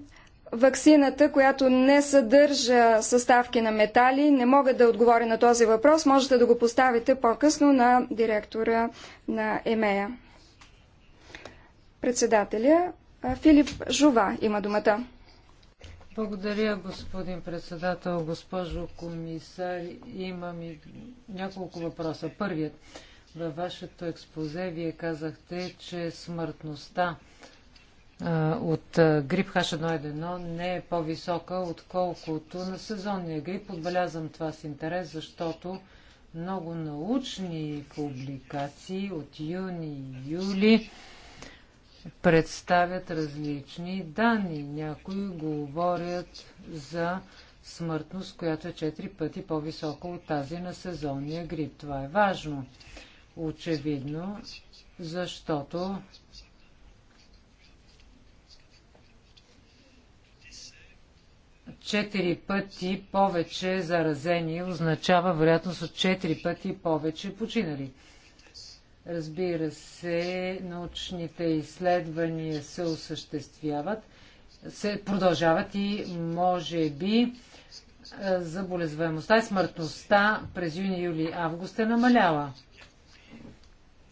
ваксината, която не съдържа съставки на метали. Не мога да отговоря на този въпрос. Можете да го поставите по-късно на директора на ЕМЕЯ. Председателя Филип Жова има думата. Благодаря, господин председател, госпожо комисар. Имам и няколко въпроса. Първият. Във вашето експозе вие казахте, че смъртността от грип H1N1 не е по-висока, отколкото на сезонния грип. Отбелязвам това с интерес, защото много научни публикации от юни и юли представят различни данни. Някои говорят за смъртност, която е 4 пъти по-висока от тази на сезонния грип. Това е важно, очевидно, защото Четири пъти повече заразени означава вероятност от четири пъти повече починали. Разбира се, научните изследвания се осъществяват, се продължават и може би е, заболезваемостта и смъртността през юни, юли, август е намаляла.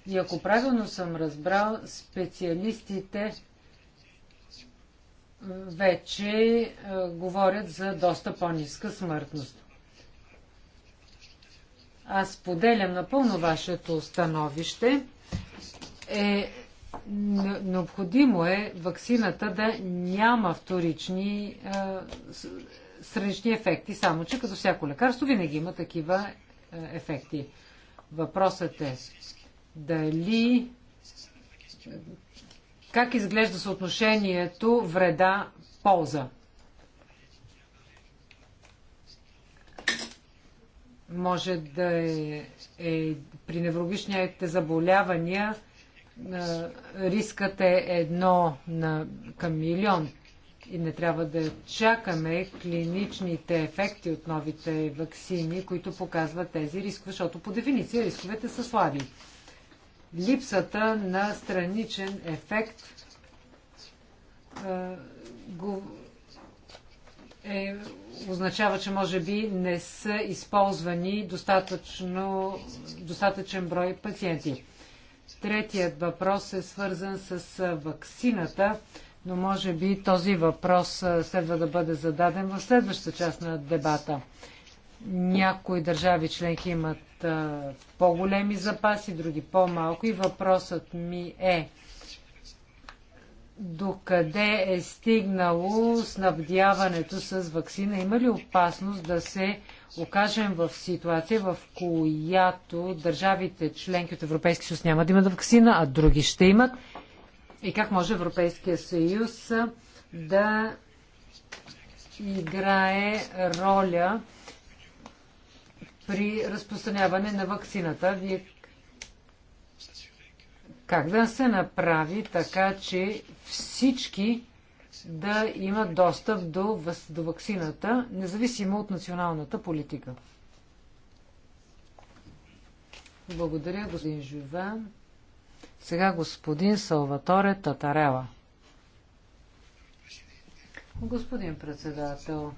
И ако правилно съм разбрал, специалистите вече е, говорят за доста по-ниска смъртност. Аз поделям напълно вашето становище. Е, необходимо е ваксината да няма вторични е, странични ефекти, само че като всяко лекарство винаги има такива е, ефекти. Въпросът е дали как изглежда съотношението вреда-полза? Може да е, е при неврологичните заболявания е, рискът е едно на, към милион и не трябва да чакаме клиничните ефекти от новите вакцини, които показват тези рискове, защото по дефиниция рисковете са слаби липсата на страничен ефект е, означава, че може би не са използвани достатъчно, достатъчен брой пациенти. Третият въпрос е свързан с ваксината, но може би този въпрос следва да бъде зададен в следващата част на дебата. Някои държави членки имат по-големи запаси, други по-малко. И въпросът ми е докъде е стигнало снабдяването с вакцина? Има ли опасност да се окажем в ситуация, в която държавите членки от Европейския съюз няма да имат вакцина, а други ще имат? И как може Европейския съюз да играе роля при разпространяване на вакцината. Вие как да се направи така, че всички да имат достъп до, до вакцината, независимо от националната политика? Благодаря, господин Живан. Сега господин Салваторе Татарела. Господин председател,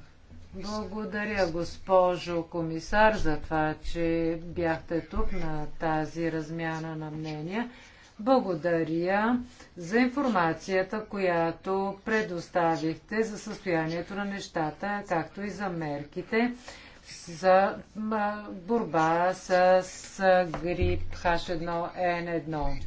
благодаря, госпожо комисар, за това, че бяхте тук на тази размяна на мнения. Благодаря за информацията, която предоставихте за състоянието на нещата, както и за мерките за борба с грип H1N1.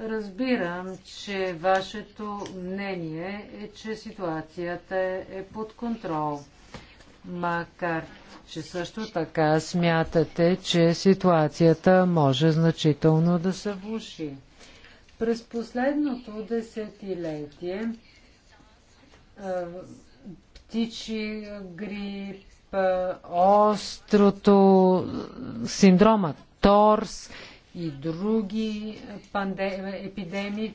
Разбирам, че вашето мнение е, че ситуацията е под контрол. Макар, че също така смятате, че ситуацията може значително да се влуши. През последното десетилетие птичи грип, острото, синдрома ТОРС, и други е, е, епидемии.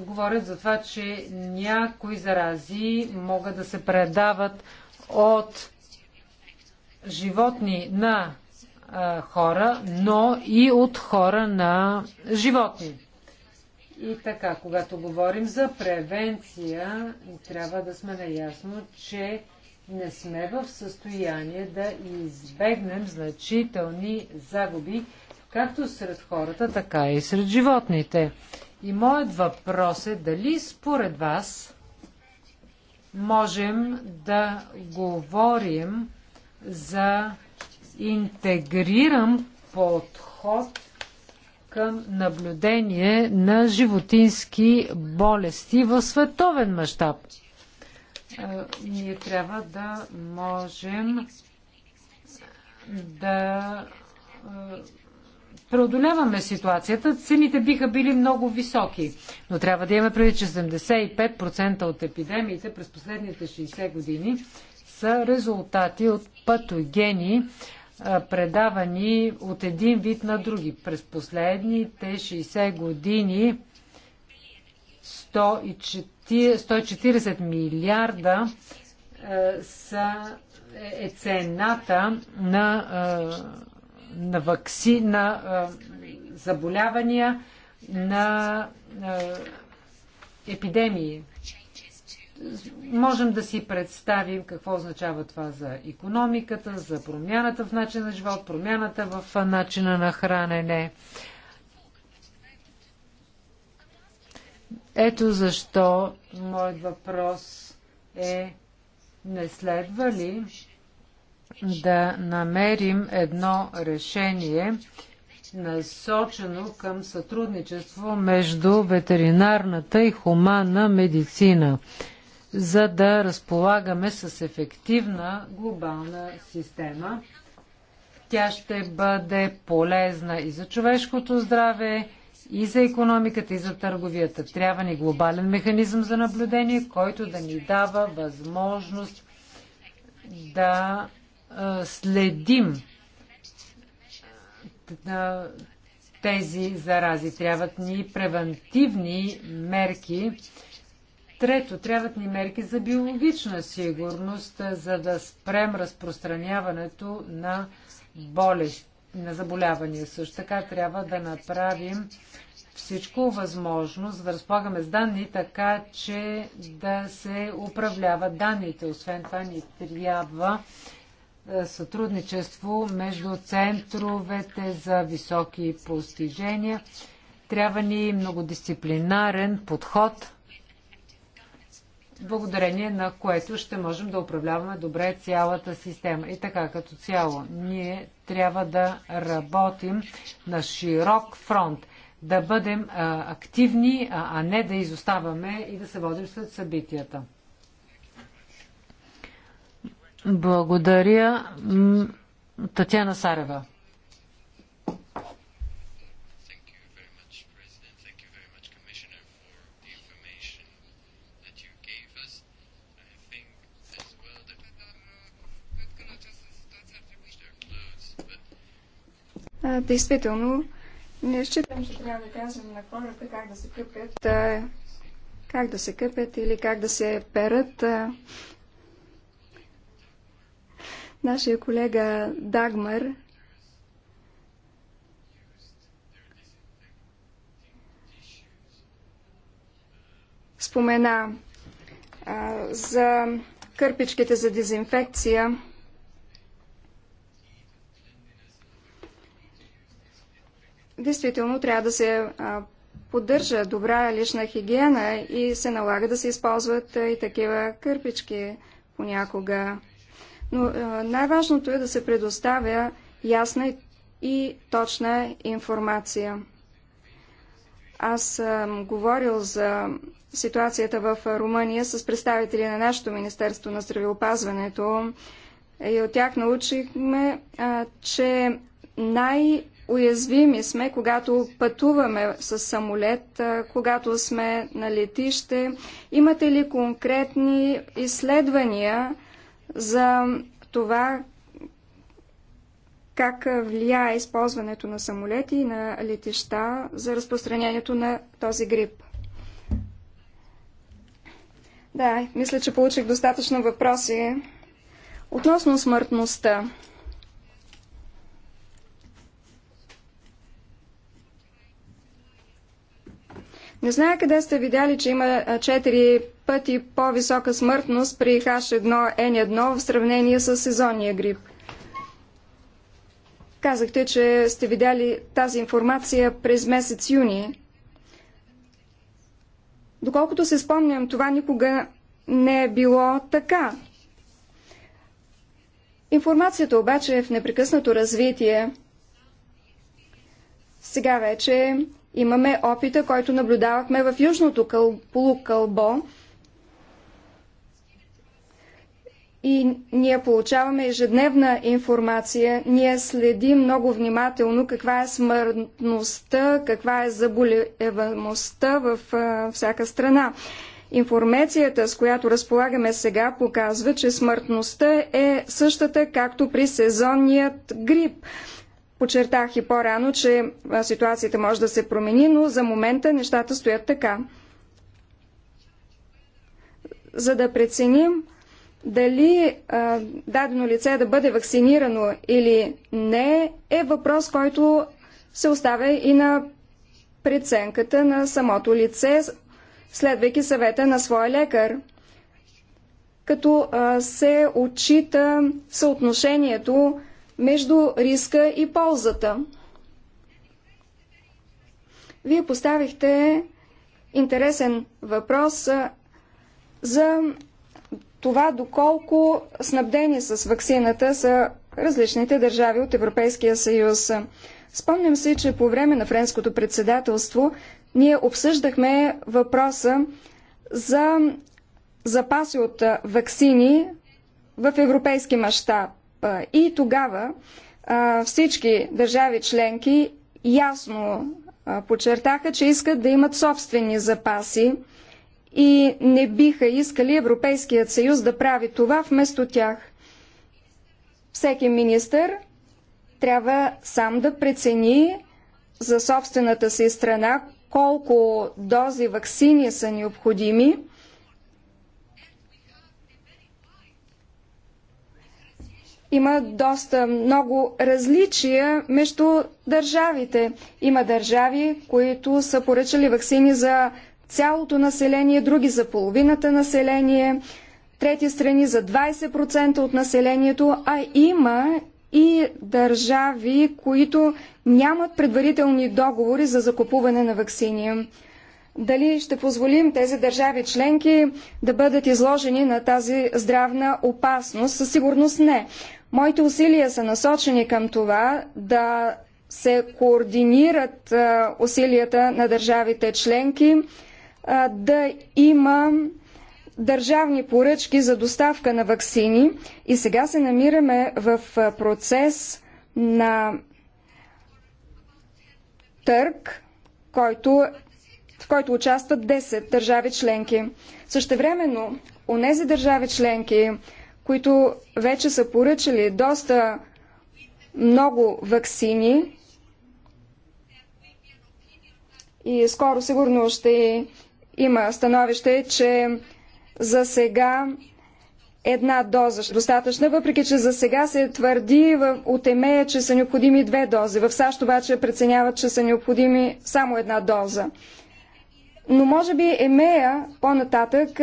Говорят за това, че някои зарази могат да се предават от животни на а, хора, но и от хора на животни. И така, когато говорим за превенция, трябва да сме наясно, че не сме в състояние да избегнем значителни загуби, както сред хората, така и сред животните. И моят въпрос е дали според вас можем да говорим за интегриран подход към наблюдение на животински болести в световен мащаб. Е, ние трябва да можем да е, преодоляваме ситуацията. Цените биха били много високи, но трябва да имаме преди, че 75% от епидемиите през последните 60 години са резултати от патогени, е, предавани от един вид на други. През последните 60 години 104 140 милиарда е, са, е, е цената на, е, на вакси, на заболявания, на епидемии. Можем да си представим какво означава това за економиката, за промяната в начина на живот, промяната в начина на хранене, Ето защо моят въпрос е не следва ли да намерим едно решение, насочено към сътрудничество между ветеринарната и хуманна медицина, за да разполагаме с ефективна глобална система. Тя ще бъде полезна и за човешкото здраве, и за економиката, и за търговията. Трябва ни глобален механизъм за наблюдение, който да ни дава възможност да следим тези зарази. Трябват ни превентивни мерки. Трето, трябват ни мерки за биологична сигурност, за да спрем разпространяването на болести на заболявания. Също така трябва да направим всичко възможно, за да разполагаме с данни, така че да се управляват данните. Освен това ни трябва е, сътрудничество между центровете за високи постижения. Трябва ни многодисциплинарен подход – благодарение на което ще можем да управляваме добре цялата система. И така, като цяло, ние трябва да работим на широк фронт, да бъдем а, активни, а, а не да изоставаме и да се водим след събитията. Благодаря. Татьяна Сарева. А, действително, не считам, че трябва да казвам на хората как да се къпят, а, как да се къпят или как да се перат. А. Нашия колега Дагмар спомена а, за кърпичките за дезинфекция. действително трябва да се поддържа добра лична хигиена и се налага да се използват и такива кърпички понякога. Но най-важното е да се предоставя ясна и точна информация. Аз съм говорил за ситуацията в Румъния с представители на нашето Министерство на здравеопазването и от тях научихме, че най- Уязвими сме, когато пътуваме с самолет, когато сме на летище. Имате ли конкретни изследвания за това как влияе използването на самолети и на летища за разпространението на този грип? Да, мисля, че получих достатъчно въпроси. Относно смъртността, Не зная къде сте видяли, че има 4 пъти по-висока смъртност при H1N1 в сравнение с сезонния грип. Казахте, че сте видяли тази информация през месец юни. Доколкото се спомням, това никога не е било така. Информацията обаче е в непрекъснато развитие. Сега вече Имаме опита, който наблюдавахме в Южното къл... полукълбо. И ние получаваме ежедневна информация, ние следим много внимателно каква е смъртността, каква е заболеваността в всяка страна. Информацията, с която разполагаме сега, показва, че смъртността е същата, както при сезонният грип. Почертах и по-рано, че ситуацията може да се промени, но за момента нещата стоят така. За да преценим дали а, дадено лице да бъде вакцинирано или не, е въпрос, който се оставя и на преценката на самото лице, следвайки съвета на своя лекар, като а, се отчита съотношението между риска и ползата. Вие поставихте интересен въпрос за това доколко снабдени с ваксината са различните държави от Европейския съюз. Спомням си, че по време на френското председателство ние обсъждахме въпроса за запаси от ваксини в европейски мащаб. И тогава всички държави членки ясно подчертаха, че искат да имат собствени запаси и не биха искали Европейският съюз да прави това вместо тях. Всеки министър трябва сам да прецени за собствената си страна колко дози вакцини са необходими – има доста много различия между държавите. Има държави, които са поръчали вакцини за цялото население, други за половината население, трети страни за 20% от населението, а има и държави, които нямат предварителни договори за закупуване на вакцини. Дали ще позволим тези държави членки да бъдат изложени на тази здравна опасност? Със сигурност не. Моите усилия са насочени към това да се координират усилията на държавите членки, да има държавни поръчки за доставка на вакцини и сега се намираме в процес на търг, който, в който участват 10 държави членки. Същевременно, нези държави членки, които вече са поръчали доста много вакцини и скоро сигурно ще има становище, че за сега една доза е достатъчна, въпреки че за сега се твърди от ЕМЕЯ, че са необходими две дози. В САЩ обаче преценяват, че са необходими само една доза. Но може би ЕМЕЯ по-нататък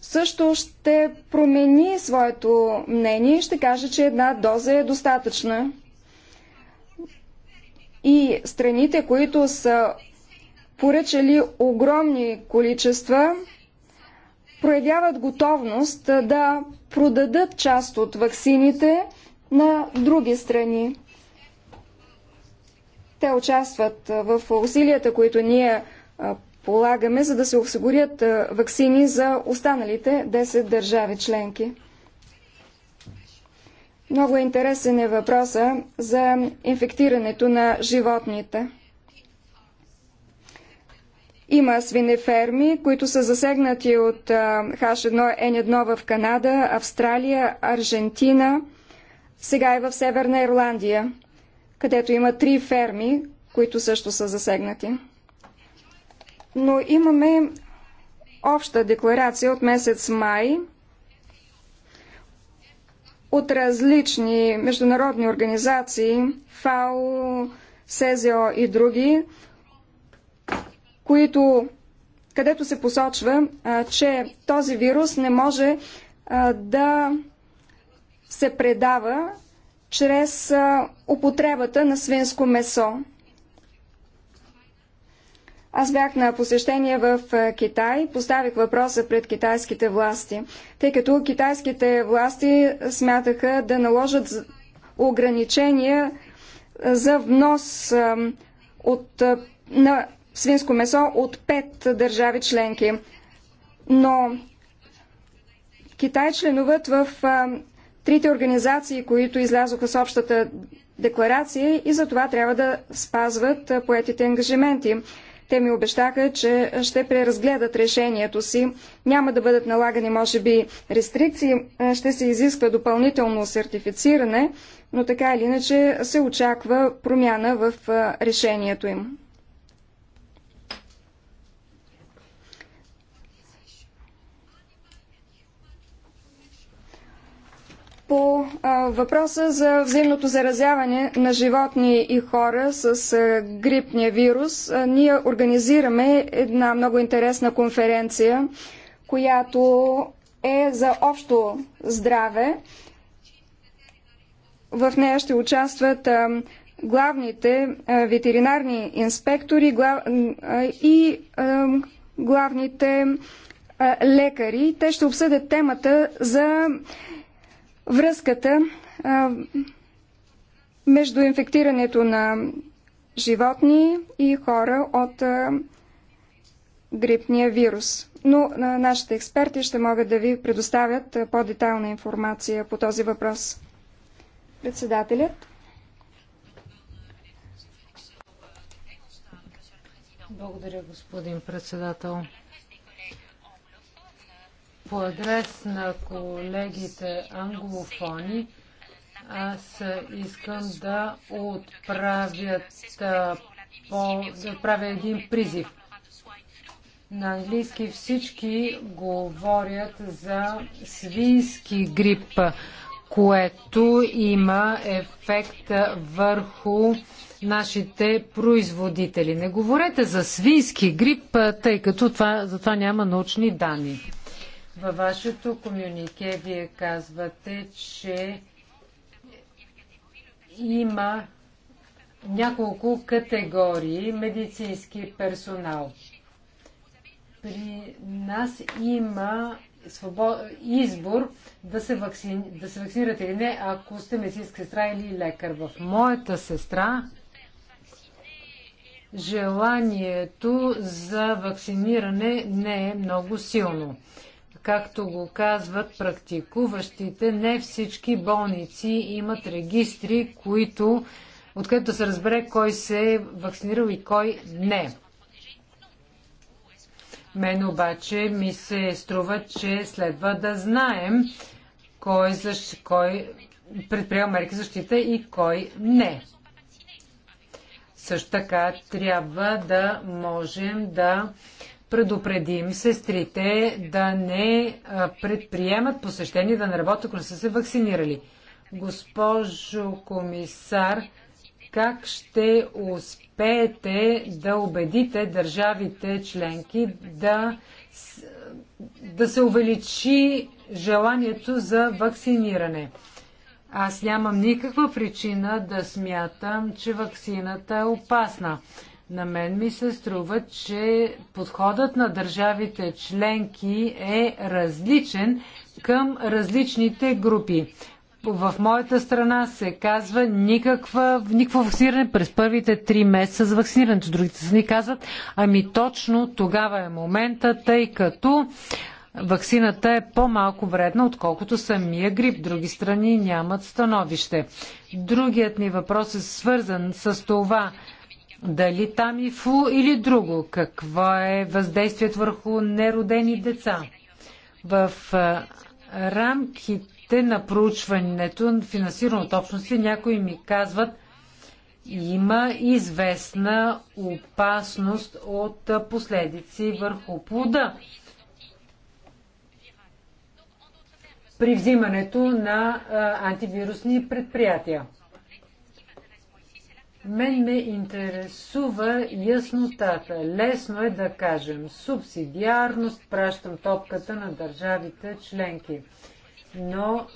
също ще промени своето мнение и ще каже, че една доза е достатъчна. И страните, които са поръчали огромни количества, проявяват готовност да продадат част от ваксините на други страни. Те участват в усилията, които ние полагаме, за да се осигурят вакцини за останалите 10 държави членки. Много интересен е въпроса за инфектирането на животните. Има свинеферми, които са засегнати от H1N1 в Канада, Австралия, Аржентина, сега и в Северна Ирландия, където има три ферми, които също са засегнати но имаме обща декларация от месец май от различни международни организации, ФАО, СЗО и други, които, където се посочва, че този вирус не може да се предава чрез употребата на свинско месо. Аз бях на посещение в е, Китай, поставих въпроса пред китайските власти, тъй като китайските власти смятаха да наложат ограничения е, за внос е, от, на свинско месо от пет държави членки. Но Китай членуват в трите организации, които излязоха с общата декларация и за това трябва да спазват поетите ангажименти. Те ми обещаха, че ще преразгледат решението си. Няма да бъдат налагани, може би, рестрикции, ще се изисква допълнително сертифициране, но така или иначе се очаква промяна в решението им. по въпроса за взаимното заразяване на животни и хора с грипния вирус, ние организираме една много интересна конференция, която е за общо здраве. В нея ще участват главните ветеринарни инспектори и главните лекари. Те ще обсъдят темата за връзката а, между инфектирането на животни и хора от а, грипния вирус. Но а, нашите експерти ще могат да ви предоставят по-детална информация по този въпрос. Председателят. Благодаря, господин председател. По адрес на колегите англофони, аз искам да отправя, по, да правя един призив. На английски всички говорят за свински грип, което има ефект върху нашите производители. Не говорете за свински грип, тъй като това, за това няма научни данни. Във вашето комюнике вие казвате, че има няколко категории медицински персонал. При нас има свобод... избор да се, вакци... да се вакцинирате или не, ако сте медицинска сестра или лекар. В моята сестра желанието за вакциниране не е много силно. Както го казват практикуващите, не всички болници имат регистри, които, откъдето да се разбере кой се е вакцинирал и кой не. Мен обаче ми се струва, че следва да знаем кой, защ... кой предприема мерки защита и кой не. Също така трябва да можем да предупредим сестрите да не предприемат посещение, да не работят, ако не са се вакцинирали. Госпожо комисар, как ще успеете да убедите държавите членки да, да се увеличи желанието за вакциниране? Аз нямам никаква причина да смятам, че вакцината е опасна. На мен ми се струва, че подходът на държавите членки е различен към различните групи. В моята страна се казва никаква, никакво вакциниране през първите три месеца за вакцинирането. Другите страни казват, ами точно тогава е момента, тъй като ваксината е по-малко вредна, отколкото самия грип. Други страни нямат становище. Другият ни въпрос е свързан с това, дали там е фу или друго? Какво е въздействието върху неродени деца? В рамките на проучването, финансирано от общности, някои ми казват, има известна опасност от последици върху плода при взимането на антивирусни предприятия. Мен ме интересува яснотата. Лесно е да кажем субсидиарност, пращам топката на държавите членки. Но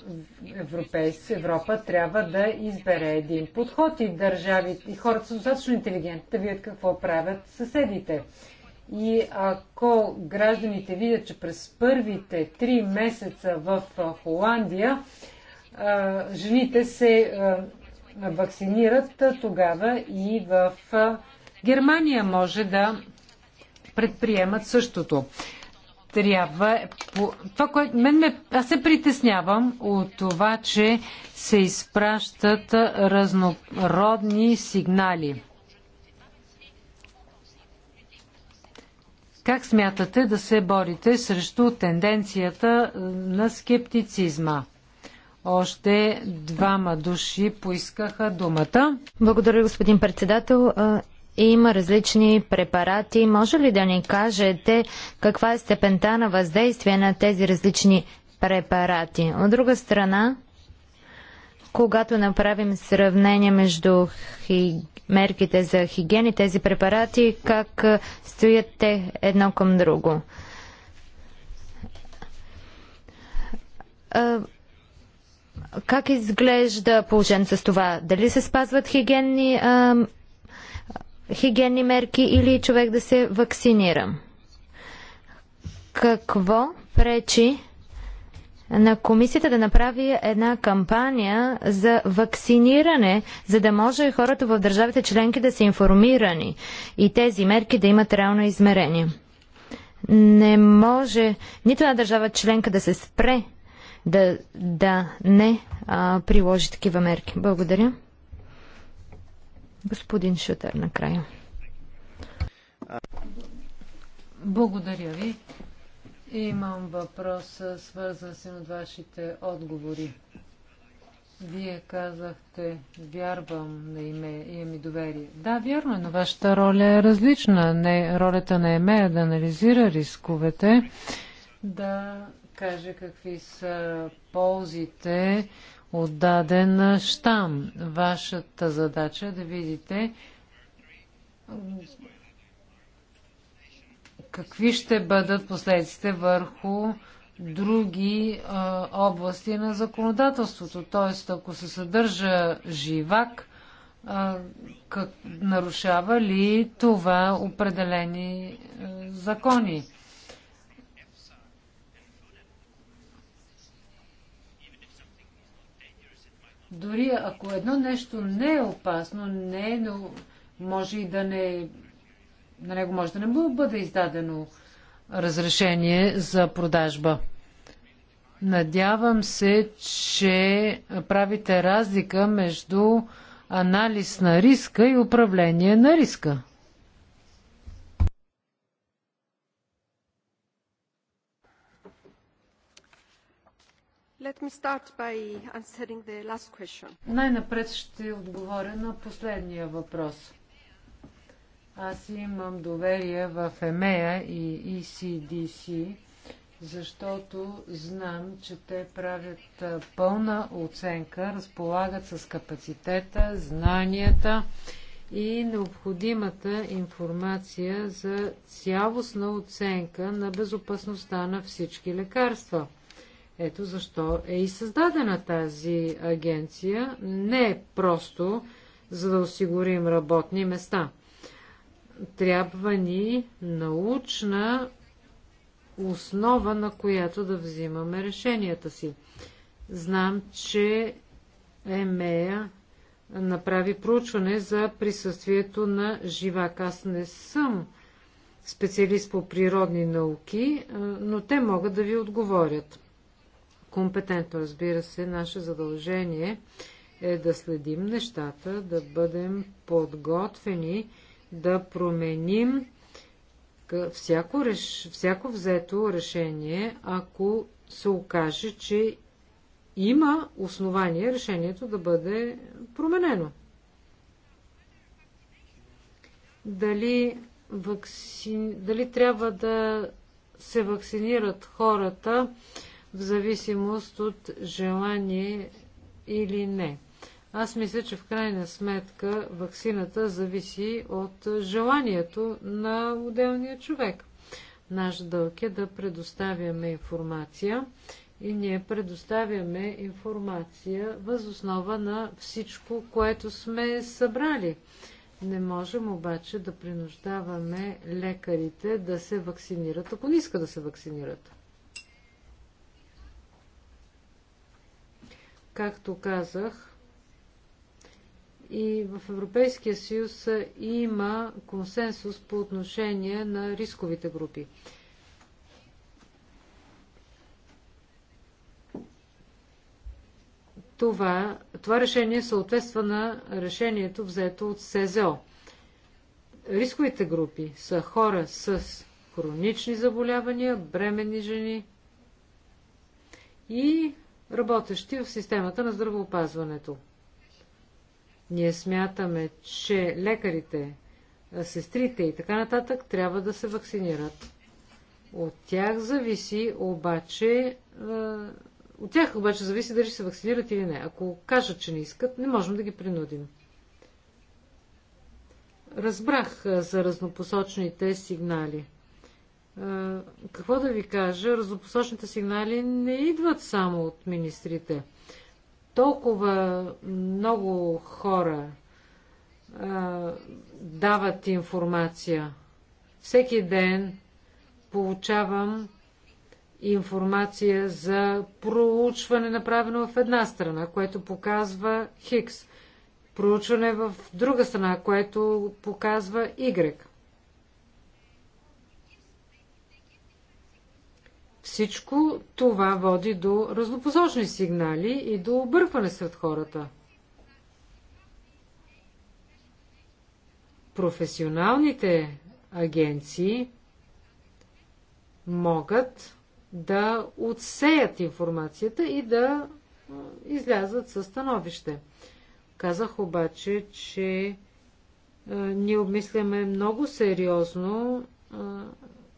Европейс, Европа трябва да избере един подход и държавите, и хората са достатъчно интелигентни да видят какво правят съседите. И ако гражданите видят, че през първите три месеца в Холандия жените се вакцинират, тогава и в Германия може да предприемат същото. Трябва. Това, което мен ме, аз се притеснявам от това, че се изпращат разнородни сигнали. Как смятате да се борите срещу тенденцията на скептицизма? Още двама души поискаха думата. Благодаря, господин председател. Има различни препарати. Може ли да ни кажете каква е степента на въздействие на тези различни препарати? От друга страна, когато направим сравнение между хи... мерките за хигиени, тези препарати, как стоят те едно към друго? Как изглежда положението с това? Дали се спазват хигиенни, а, хигиенни мерки или човек да се вакцинира? Какво пречи на комисията да направи една кампания за вакциниране, за да може хората в държавите членки да са информирани и тези мерки да имат реално измерение? не може нито една държава членка да се спре да, да не а, приложи такива мерки. Благодаря. Господин Шутер, накрая. Благодаря ви. Имам въпрос, свързан с от вашите отговори. Вие казахте, вярвам на име, имам и доверие. Да, вярно, е, но вашата роля е различна. Не, ролята на ЕМЕ е да анализира рисковете, да каже какви са ползите от даден щам. Вашата задача е да видите какви ще бъдат последиците върху други а, области на законодателството. Т.е. ако се съдържа живак, а, как, нарушава ли това определени а, закони? Дори ако едно нещо не е опасно, не е, но може и да не, на него може да не му бъде издадено разрешение за продажба. Надявам се, че правите разлика между анализ на риска и управление на риска. Най-напред ще отговоря на последния въпрос. Аз имам доверие в ЕМЕА и ECDC, защото знам, че те правят пълна оценка, разполагат с капацитета, знанията и необходимата информация за цялостна оценка на безопасността на всички лекарства. Ето защо е и създадена тази агенция. Не е просто за да осигурим работни места. Трябва ни научна основа, на която да взимаме решенията си. Знам, че Емея направи проучване за присъствието на живак. Аз не съм специалист по природни науки, но те могат да ви отговорят компетентно. Разбира се, наше задължение е да следим нещата, да бъдем подготвени, да променим всяко, реш... всяко взето решение, ако се окаже, че има основание решението да бъде променено. Дали, вакци... Дали трябва да се вакцинират хората в зависимост от желание или не. Аз мисля, че в крайна сметка ваксината зависи от желанието на отделния човек. Наш дълг е да предоставяме информация и ние предоставяме информация възоснова на всичко, което сме събрали. Не можем обаче да принуждаваме лекарите да се вакцинират, ако не искат да се вакцинират. Както казах, и в Европейския съюз има консенсус по отношение на рисковите групи. Това, това решение съответства на решението взето от СЗО. Рисковите групи са хора с хронични заболявания, бременни жени и работещи в системата на здравоопазването. Ние смятаме, че лекарите, сестрите и така нататък трябва да се вакцинират. От тях зависи обаче. Е, от тях обаче зависи дали ще се вакцинират или не. Ако кажат, че не искат, не можем да ги принудим. Разбрах е, за разнопосочните сигнали какво да ви кажа, разнопосочните сигнали не идват само от министрите. Толкова много хора а, дават информация. Всеки ден получавам информация за проучване, направено в една страна, което показва Хикс. Проучване в друга страна, което показва Y Всичко това води до разнопосочни сигнали и до объркване сред хората. Професионалните агенции могат да отсеят информацията и да излязат със становище. Казах обаче, че ние обмисляме много сериозно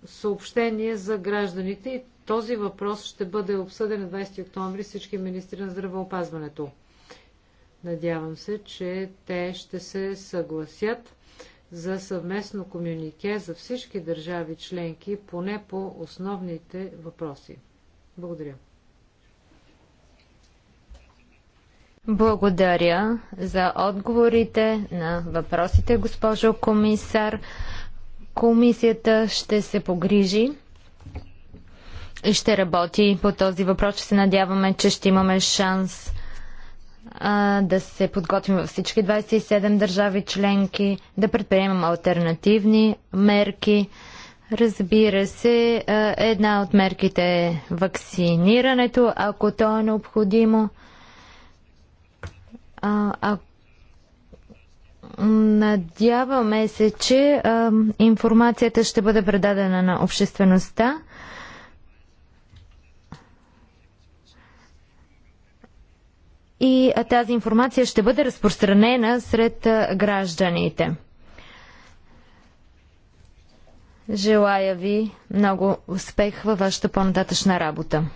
съобщение за гражданите и този въпрос ще бъде обсъден на 20 октомври всички министри на здравеопазването. Надявам се, че те ще се съгласят за съвместно комюнике за всички държави членки, поне по основните въпроси. Благодаря. Благодаря за отговорите на въпросите, госпожо комисар. Комисията ще се погрижи ще работи по този въпрос. Ще се надяваме, че ще имаме шанс а, да се подготвим във всички 27 държави членки, да предприемам альтернативни мерки. Разбира се, а, една от мерките е вакцинирането, ако то е необходимо. А, а... Надяваме се, че а, информацията ще бъде предадена на обществеността и тази информация ще бъде разпространена сред гражданите. Желая ви много успех във вашата по-нататъчна работа.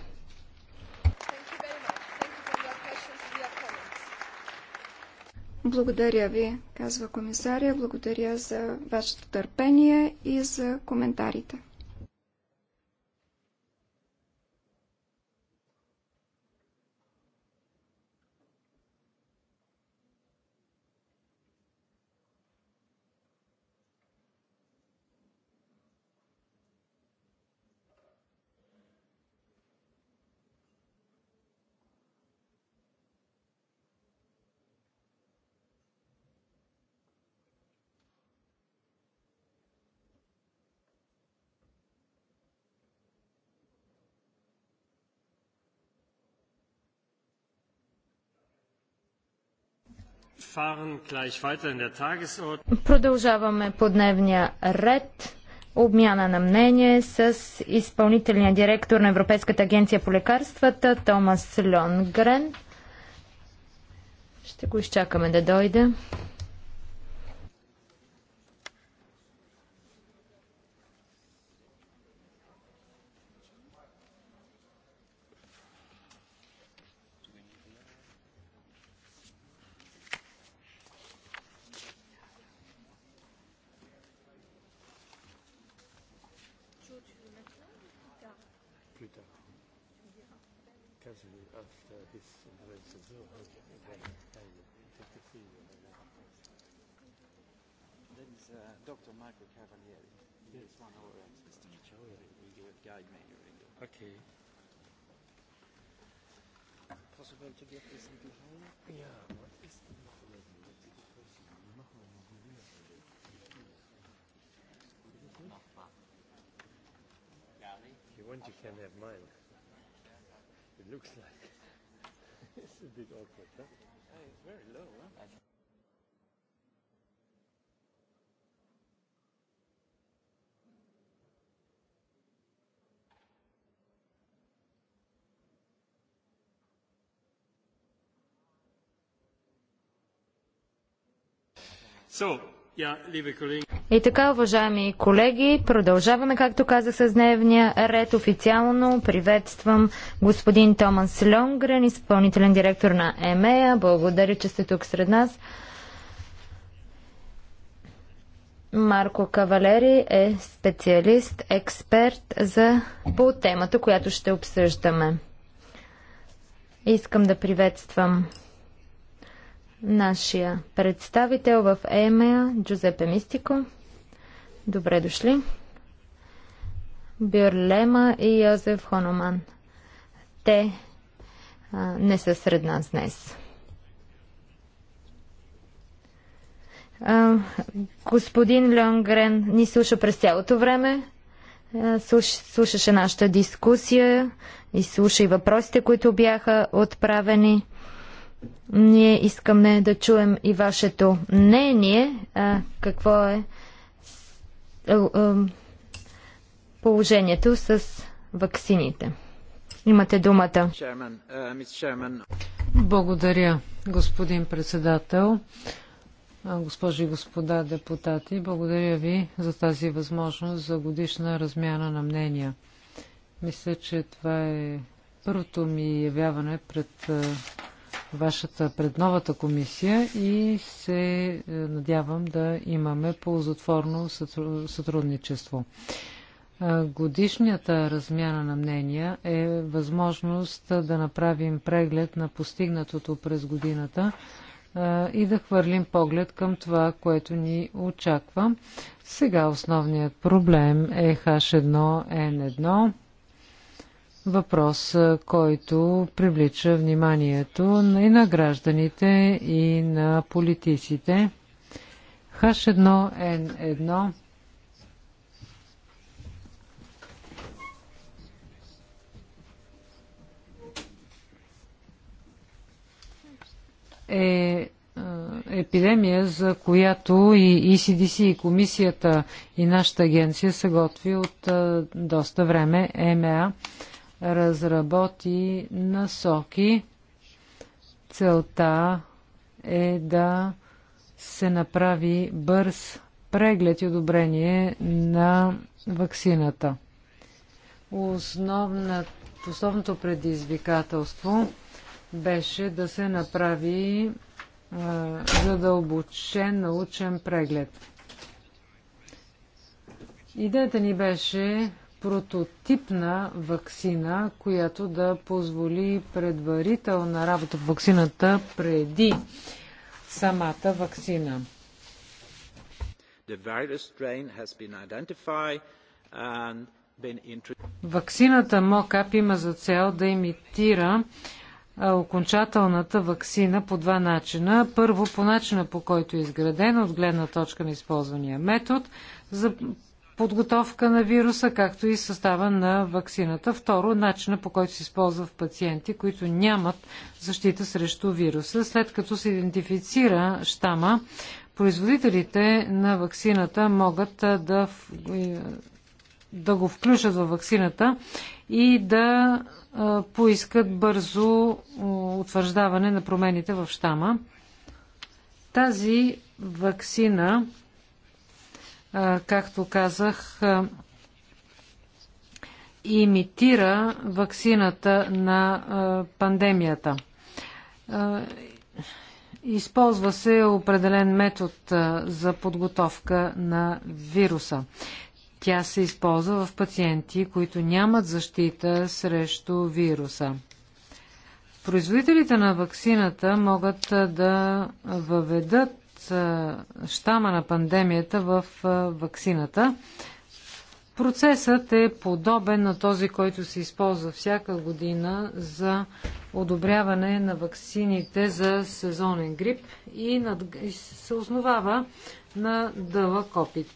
Благодаря ви, казва комисаря. Благодаря за вашето търпение и за коментарите. Продължаваме по дневния ред. Обмяна на мнение с изпълнителния директор на Европейската агенция по лекарствата Томас Льонгрен. Ще го изчакаме да дойде. and you can have mine. It looks like. it's a bit awkward, huh? It's very low, huh? So, и така, уважаеми колеги, продължаваме, както казах, с дневния ред. Официално приветствам господин Томас Лонгрен, изпълнителен директор на ЕМЕА. Благодаря, че сте тук сред нас. Марко Кавалери е специалист, експерт за, по темата, която ще обсъждаме. Искам да приветствам нашия представител в ЕМЕА Джузепе Мистико. Добре дошли. Бюрлема и Йозеф Хономан. Те а, не са сред нас днес. А, господин Грен ни слуша през цялото време. слуш, слушаше нашата дискусия и слуша и въпросите, които бяха отправени. Ние искаме да чуем и вашето мнение, а, какво е положението с ваксините. Имате думата. Uh, благодаря, господин председател. Госпожи и господа депутати, благодаря ви за тази възможност за годишна размяна на мнения. Мисля, че това е първото ми явяване пред вашата пред новата комисия и се е, надявам да имаме ползотворно сътрудничество. Е, Годишната размяна на мнения е възможност да направим преглед на постигнатото през годината е, и да хвърлим поглед към това, което ни очаква. Сега основният проблем е H1N1 въпрос, който привлича вниманието и на гражданите, и на политиците. H1N1 е епидемия, за която и ECDC, и комисията, и нашата агенция са готви от доста време. ЕМА разработи насоки. Целта е да се направи бърз преглед и одобрение на ваксината. Основна, основното предизвикателство беше да се направи е, задълбочен научен преглед. Идеята ни беше прототипна вакцина, която да позволи предварителна работа в вакцината преди самата вакцина. Вакцината МОКАП има за цел да имитира окончателната вакцина по два начина. Първо, по начина по който е изградена от гледна точка на използвания метод. За подготовка на вируса, както и състава на ваксината. Второ, начина по който се използва в пациенти, които нямат защита срещу вируса. След като се идентифицира щама, производителите на ваксината могат да, да го включат във ваксината и да поискат бързо утвърждаване на промените в щама. Тази ваксина както казах, имитира ваксината на пандемията. Използва се определен метод за подготовка на вируса. Тя се използва в пациенти, които нямат защита срещу вируса. Производителите на ваксината могат да въведат щама на пандемията в ваксината. Процесът е подобен на този, който се използва всяка година за одобряване на ваксините за сезонен грип и, се основава на дълъг опит.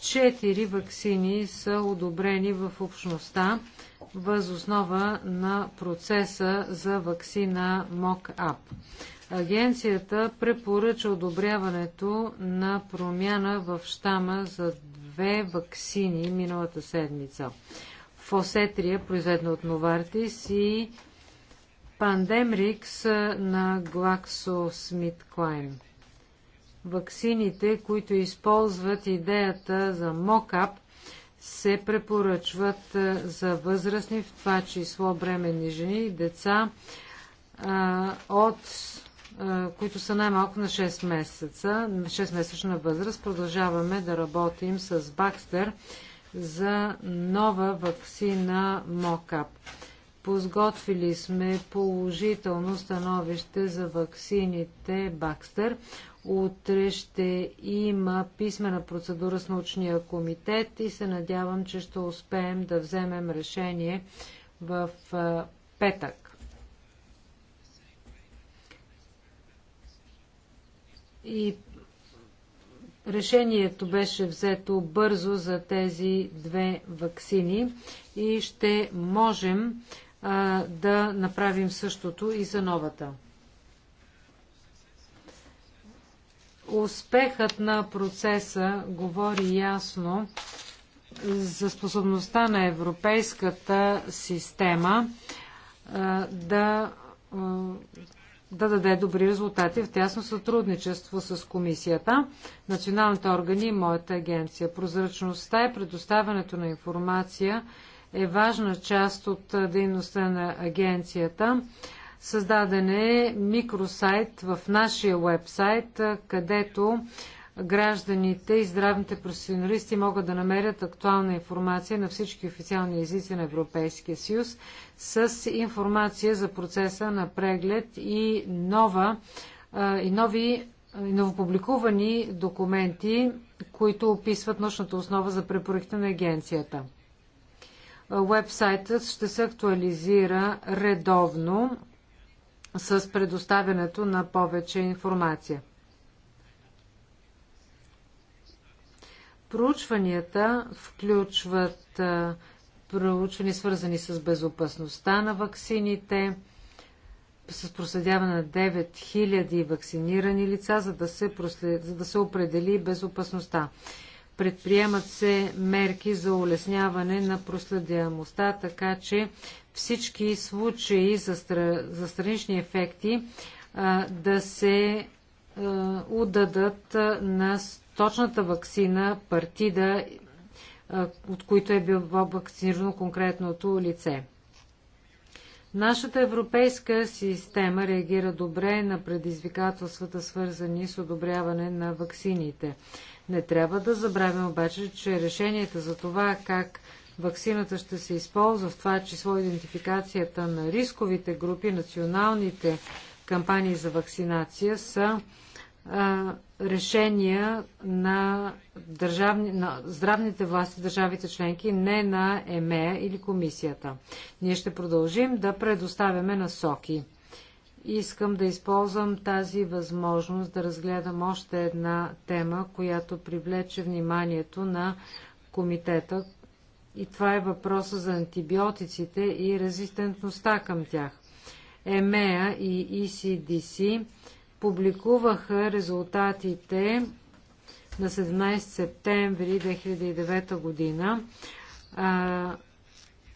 Четири ваксини са одобрени в общността въз основа на процеса за ваксина MOCAP. Агенцията препоръча одобряването на промяна в щама за две ваксини миналата седмица. Фосетрия, произведена от Новартис и Пандемрикс на Клайн. Ваксините, които използват идеята за МОКАП, се препоръчват за възрастни, в това число бременни жени и деца а, от които са най-малко на 6 месеца, 6-месечна възраст. Продължаваме да работим с Бакстер за нова вакцина МОКАП. Позготвили сме положително становище за ваксините Бакстер. Утре ще има писмена процедура с научния комитет и се надявам, че ще успеем да вземем решение в петък. И решението беше взето бързо за тези две вакцини и ще можем а, да направим същото и за новата. Успехът на процеса говори ясно за способността на европейската система а, да да даде добри резултати в тясно сътрудничество с комисията, националните органи и моята агенция. Прозрачността и предоставянето на информация е важна част от дейността на агенцията. Създаден е микросайт в нашия вебсайт, където гражданите и здравните професионалисти могат да намерят актуална информация на всички официални езици на Европейския съюз с информация за процеса на преглед и, нова, и нови и новопубликувани документи, които описват нощната основа за препоръките на агенцията. Уебсайтът ще се актуализира редовно с предоставянето на повече информация. Проучванията включват проучвания, свързани с безопасността на ваксините, с проследяване на 9000 вакцинирани лица, за да се, проследи, за да се определи безопасността. Предприемат се мерки за улесняване на проследяемостта, така че всички случаи за, стра... за странични ефекти а, да се а, удадат на точната вакцина, партида, от които е било вакцинирано конкретното лице. Нашата европейска система реагира добре на предизвикателствата, свързани с одобряване на ваксините. Не трябва да забравим обаче, че решенията за това как ваксината ще се използва, в това число идентификацията на рисковите групи, националните кампании за вакцинация са а, решения на, държавни, на здравните власти, държавите членки, не на ЕМЕА или комисията. Ние ще продължим да предоставяме насоки. Искам да използвам тази възможност да разгледам още една тема, която привлече вниманието на комитета. И това е въпроса за антибиотиците и резистентността към тях. ЕМЕА и ECDC публикуваха резултатите на 17 септември 2009 година а,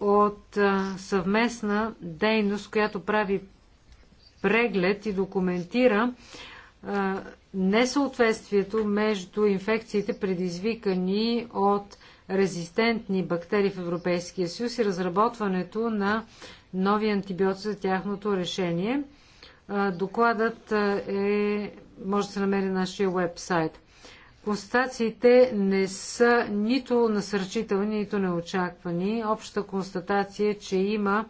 от а, съвместна дейност, която прави преглед и документира а, несъответствието между инфекциите, предизвикани от резистентни бактерии в Европейския съюз и разработването на нови антибиотици за тяхното решение – Докладът е, може да се намери на нашия вебсайт. Констатациите не са нито насърчителни, нито неочаквани. Общата констатация е, че има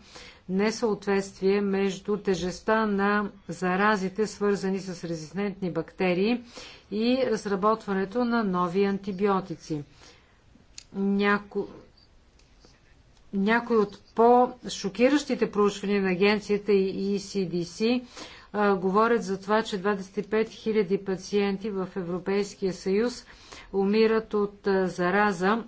несъответствие между тежестта на заразите, свързани с резистентни бактерии и разработването на нови антибиотици. Няко някои от по-шокиращите проучвания на агенцията и ECDC а, говорят за това, че 25 000 пациенти в Европейския съюз умират от а, зараза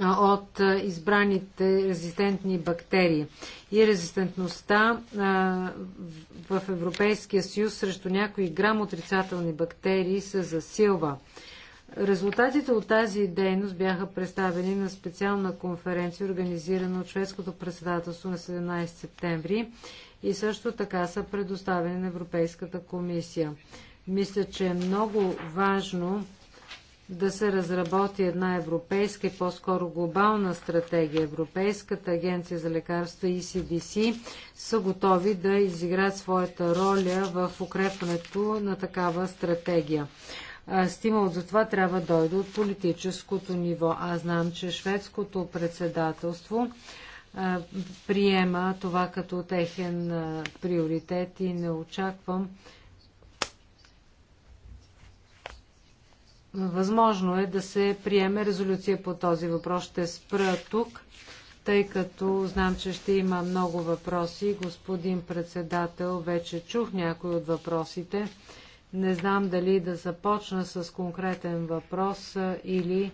а, от избраните резистентни бактерии. И резистентността в Европейския съюз срещу някои грам отрицателни бактерии се засилва. Резултатите от тази дейност бяха представени на специална конференция, организирана от шведското председателство на 17 септември и също така са предоставени на Европейската комисия. Мисля, че е много важно да се разработи една европейска и по-скоро глобална стратегия. Европейската агенция за лекарства и CDC са готови да изиграят своята роля в укрепването на такава стратегия стимул за това трябва да дойде от политическото ниво. Аз знам, че шведското председателство приема това като техен приоритет и не очаквам. Възможно е да се приеме резолюция по този въпрос. Ще спра тук, тъй като знам, че ще има много въпроси. Господин председател, вече чух някои от въпросите. Не знам дали да започна с конкретен въпрос или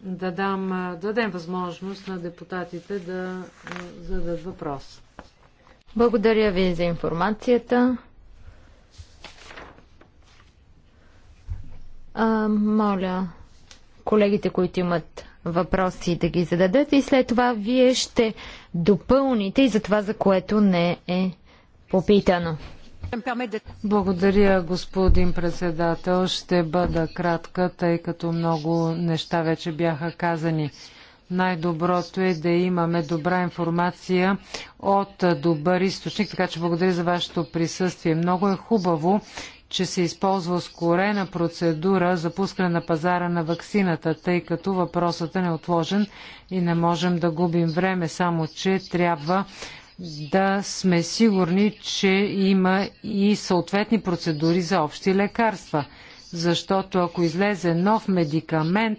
да дам, да дадем възможност на депутатите да зададат въпрос. Благодаря ви за информацията. А, моля колегите, които имат въпроси, да ги зададат и след това вие ще допълните и за това, за което не е попитано. Благодаря, господин председател. Ще бъда кратка, тъй като много неща вече бяха казани. Най-доброто е да имаме добра информация от добър източник, така че благодаря за вашето присъствие. Много е хубаво, че се използва ускорена процедура за пускане на пазара на ваксината, тъй като въпросът е неотложен и не можем да губим време, само че трябва да сме сигурни, че има и съответни процедури за общи лекарства. Защото ако излезе нов медикамент,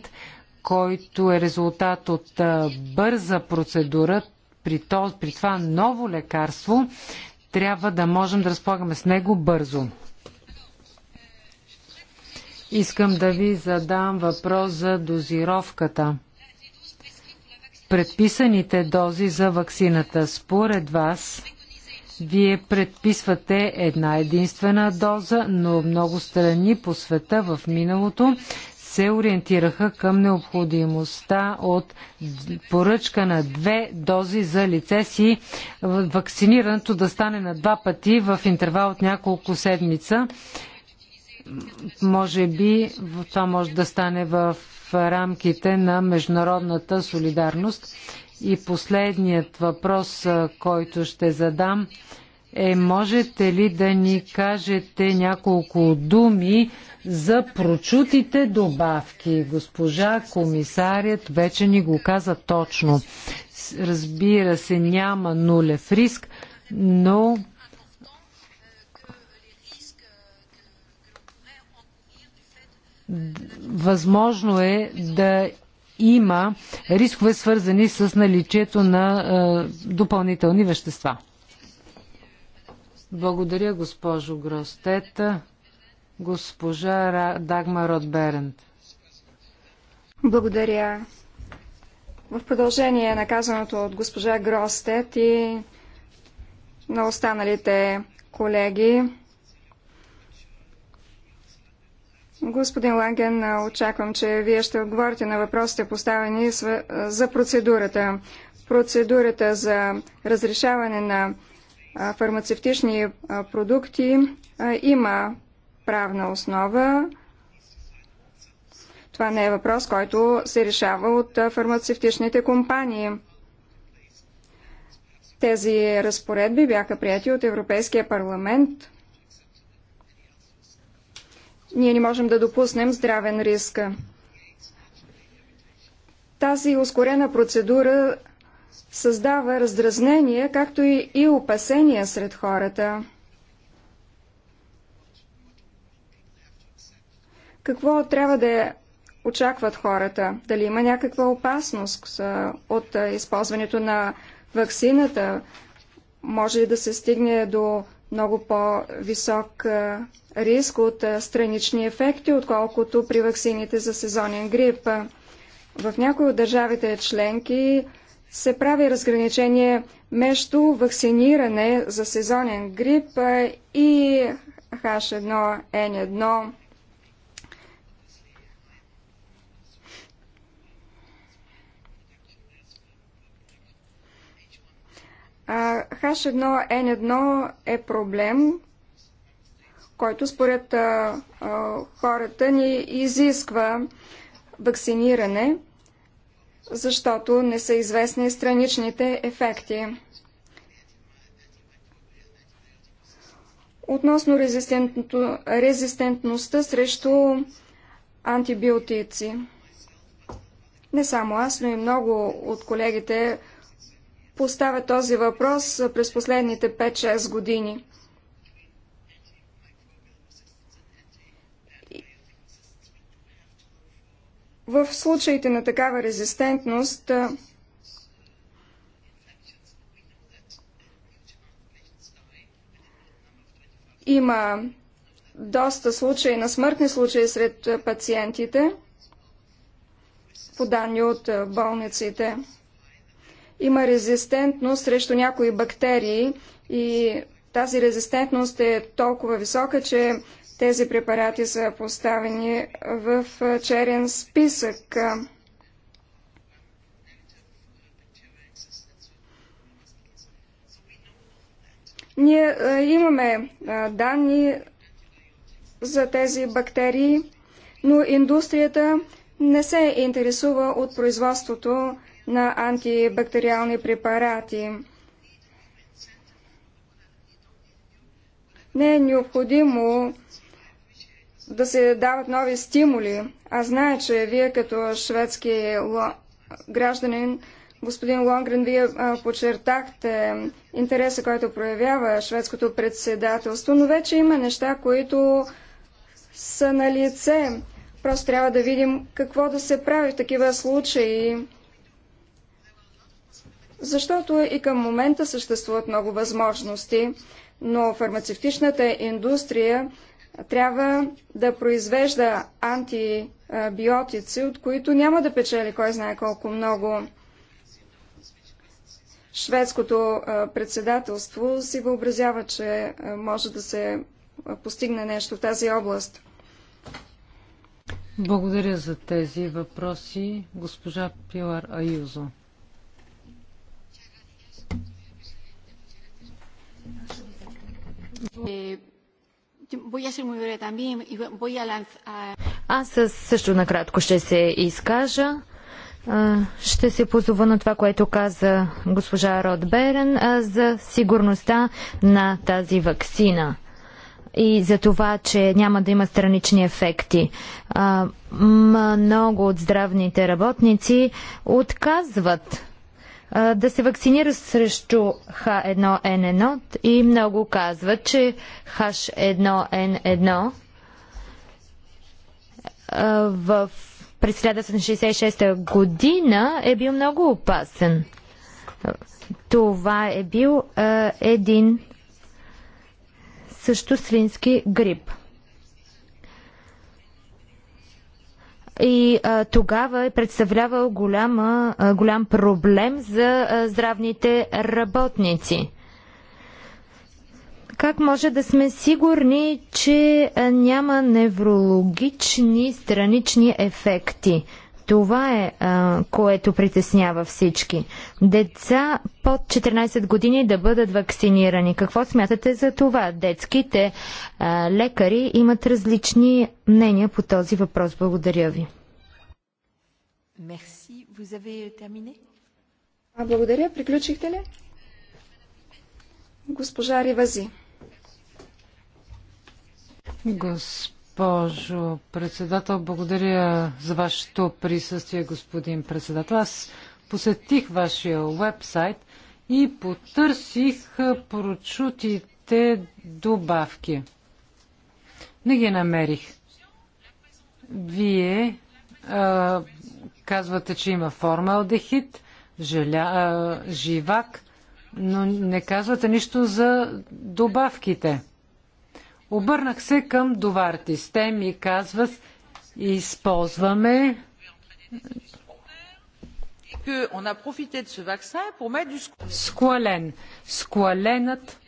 който е резултат от бърза процедура, при, то, при това ново лекарство, трябва да можем да разполагаме с него бързо. Искам да ви задам въпрос за дозировката предписаните дози за ваксината. Според вас, вие предписвате една единствена доза, но много страни по света в миналото се ориентираха към необходимостта от поръчка на две дози за лице си. Вакцинирането да стане на два пъти в интервал от няколко седмица. Може би това може да стане в рамките на международната солидарност. И последният въпрос, който ще задам е можете ли да ни кажете няколко думи за прочутите добавки? Госпожа комисарят вече ни го каза точно. Разбира се, няма нулев риск, но възможно е да има рискове свързани с наличието на а, допълнителни вещества. Благодаря, госпожо Гростета. Госпожа Дагма Ротберент. Благодаря. В продължение на казаното от госпожа Гростет и на останалите колеги, Господин Ланген, очаквам, че вие ще отговорите на въпросите поставени за процедурата. Процедурата за разрешаване на фармацевтични продукти има правна основа. Това не е въпрос, който се решава от фармацевтичните компании. Тези разпоредби бяха прияти от Европейския парламент – ние не можем да допуснем здравен риск. Тази ускорена процедура създава раздразнение, както и, и опасения сред хората. Какво трябва да очакват хората? Дали има някаква опасност от използването на ваксината? Може ли да се стигне до много по-висок риск от странични ефекти, отколкото при ваксините за сезонен грип. В някои от държавите членки се прави разграничение между вакциниране за сезонен грип и H1N1 H1N1 е проблем, който според а, а, хората ни изисква вакциниране, защото не са известни страничните ефекти. Относно резистентността срещу антибиотици. Не само аз, но и много от колегите поставя този въпрос през последните 5-6 години. В случаите на такава резистентност има доста случаи на смъртни случаи сред пациентите, по данни от болниците има резистентност срещу някои бактерии и тази резистентност е толкова висока, че тези препарати са поставени в черен списък. Ние имаме данни за тези бактерии, но индустрията не се интересува от производството на антибактериални препарати. Не е необходимо да се дават нови стимули. Аз знае, че вие като шведски гражданин, господин Лонгрен, вие подчертахте интереса, който проявява шведското председателство, но вече има неща, които са на лице. Просто трябва да видим какво да се прави в такива случаи защото и към момента съществуват много възможности, но фармацевтичната индустрия трябва да произвежда антибиотици, от които няма да печели кой знае колко много. Шведското председателство си въобразява, че може да се постигне нещо в тази област. Благодаря за тези въпроси, госпожа Пилар Аюзо. Eh, Аз също накратко ще се изкажа. Ще се позова на това, което каза госпожа Род Берен за сигурността на тази вакцина и за това, че няма да има странични ефекти. Много от здравните работници отказват да се вакцинира срещу H1N1 и много казват, че H1N1 в през 1966 година е бил много опасен. Това е бил е, един също свински грип. и а, тогава е представлявал голяма, а, голям проблем за а, здравните работници. Как може да сме сигурни, че а, няма неврологични странични ефекти? Това е а, което притеснява всички. Деца под 14 години да бъдат вакцинирани. Какво смятате за това? Детските а, лекари имат различни мнения по този въпрос. Благодаря ви. Мерси. Vous avez euh, terminé? А, благодаря. Приключихте ли? Госпожа Ривази. Госпожа госпожо председател. Благодаря за вашето присъствие, господин председател. Аз посетих вашия вебсайт и потърсих прочутите добавки. Не ги намерих. Вие а, казвате, че има формалдехид, желя, а, живак, но не казвате нищо за добавките. Обърнах се към Довартис. Те ми казват, използваме Скуален. Скуаленът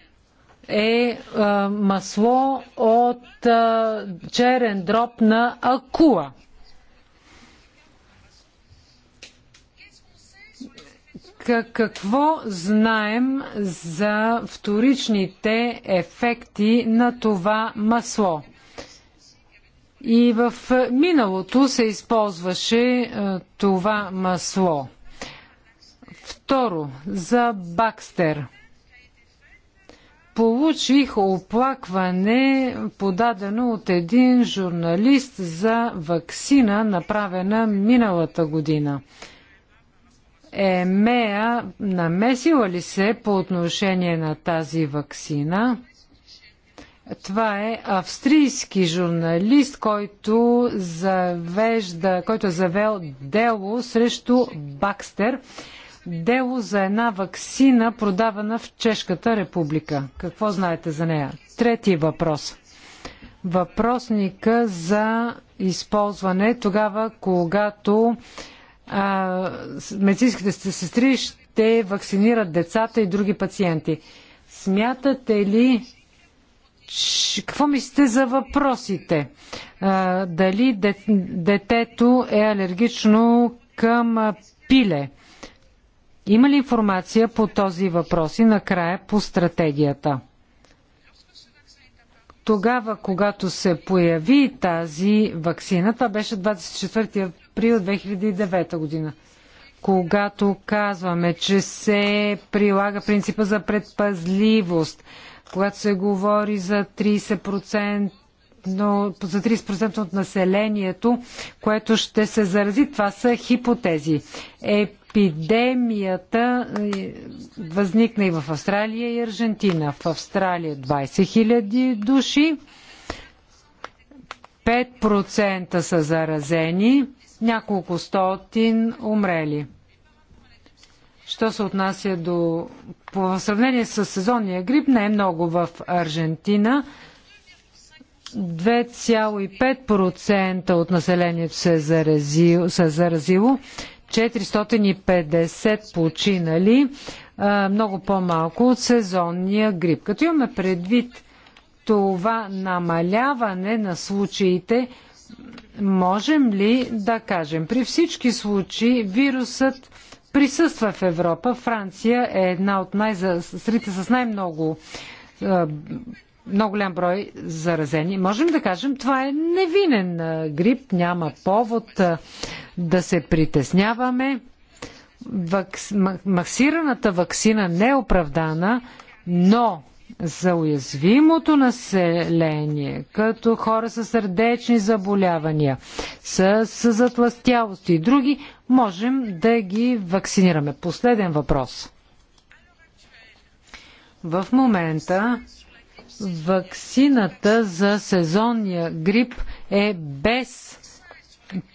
е масло от е, черен дроб на акула. какво знаем за вторичните ефекти на това масло? И в миналото се използваше е, това масло. Второ, за Бакстер. Получих оплакване, подадено от един журналист за ваксина, направена миналата година. ЕМЕА намесила ли се по отношение на тази вакцина? Това е австрийски журналист, който, завежда, който е завел дело срещу Бакстер. Дело за една вакцина, продавана в Чешката република. Какво знаете за нея? Трети въпрос. Въпросника за използване тогава, когато а, медицинските сестри ще вакцинират децата и други пациенти. Смятате ли, какво мислите за въпросите? А, дали детето е алергично към пиле? Има ли информация по този въпрос и накрая по стратегията? Тогава, когато се появи тази вакцина, това беше 24 април 2009 година. Когато казваме, че се прилага принципа за предпазливост, когато се говори за 30%, но за 30% от населението, което ще се зарази. Това са хипотези. Епидемията е, възникна и в Австралия и Аржентина. В Австралия 20 000 души, 5% са заразени, няколко стотин умрели. Що се отнася до... По сравнение с сезонния грип не е много в Аржентина. 2,5% от населението се е заразило, се е заразило 450 починали, много по-малко от сезонния грип. Като имаме предвид това намаляване на случаите, Можем ли да кажем, при всички случаи вирусът присъства в Европа. Франция е една от най- срите с най-много е, много голям брой заразени. Можем да кажем, това е невинен е, грип, няма повод е, да се притесняваме. Вакс... Максираната вакцина не е оправдана, но за уязвимото население, като хора с сърдечни заболявания, с, с и други, можем да ги вакцинираме. Последен въпрос. В момента ваксината за сезонния грип е без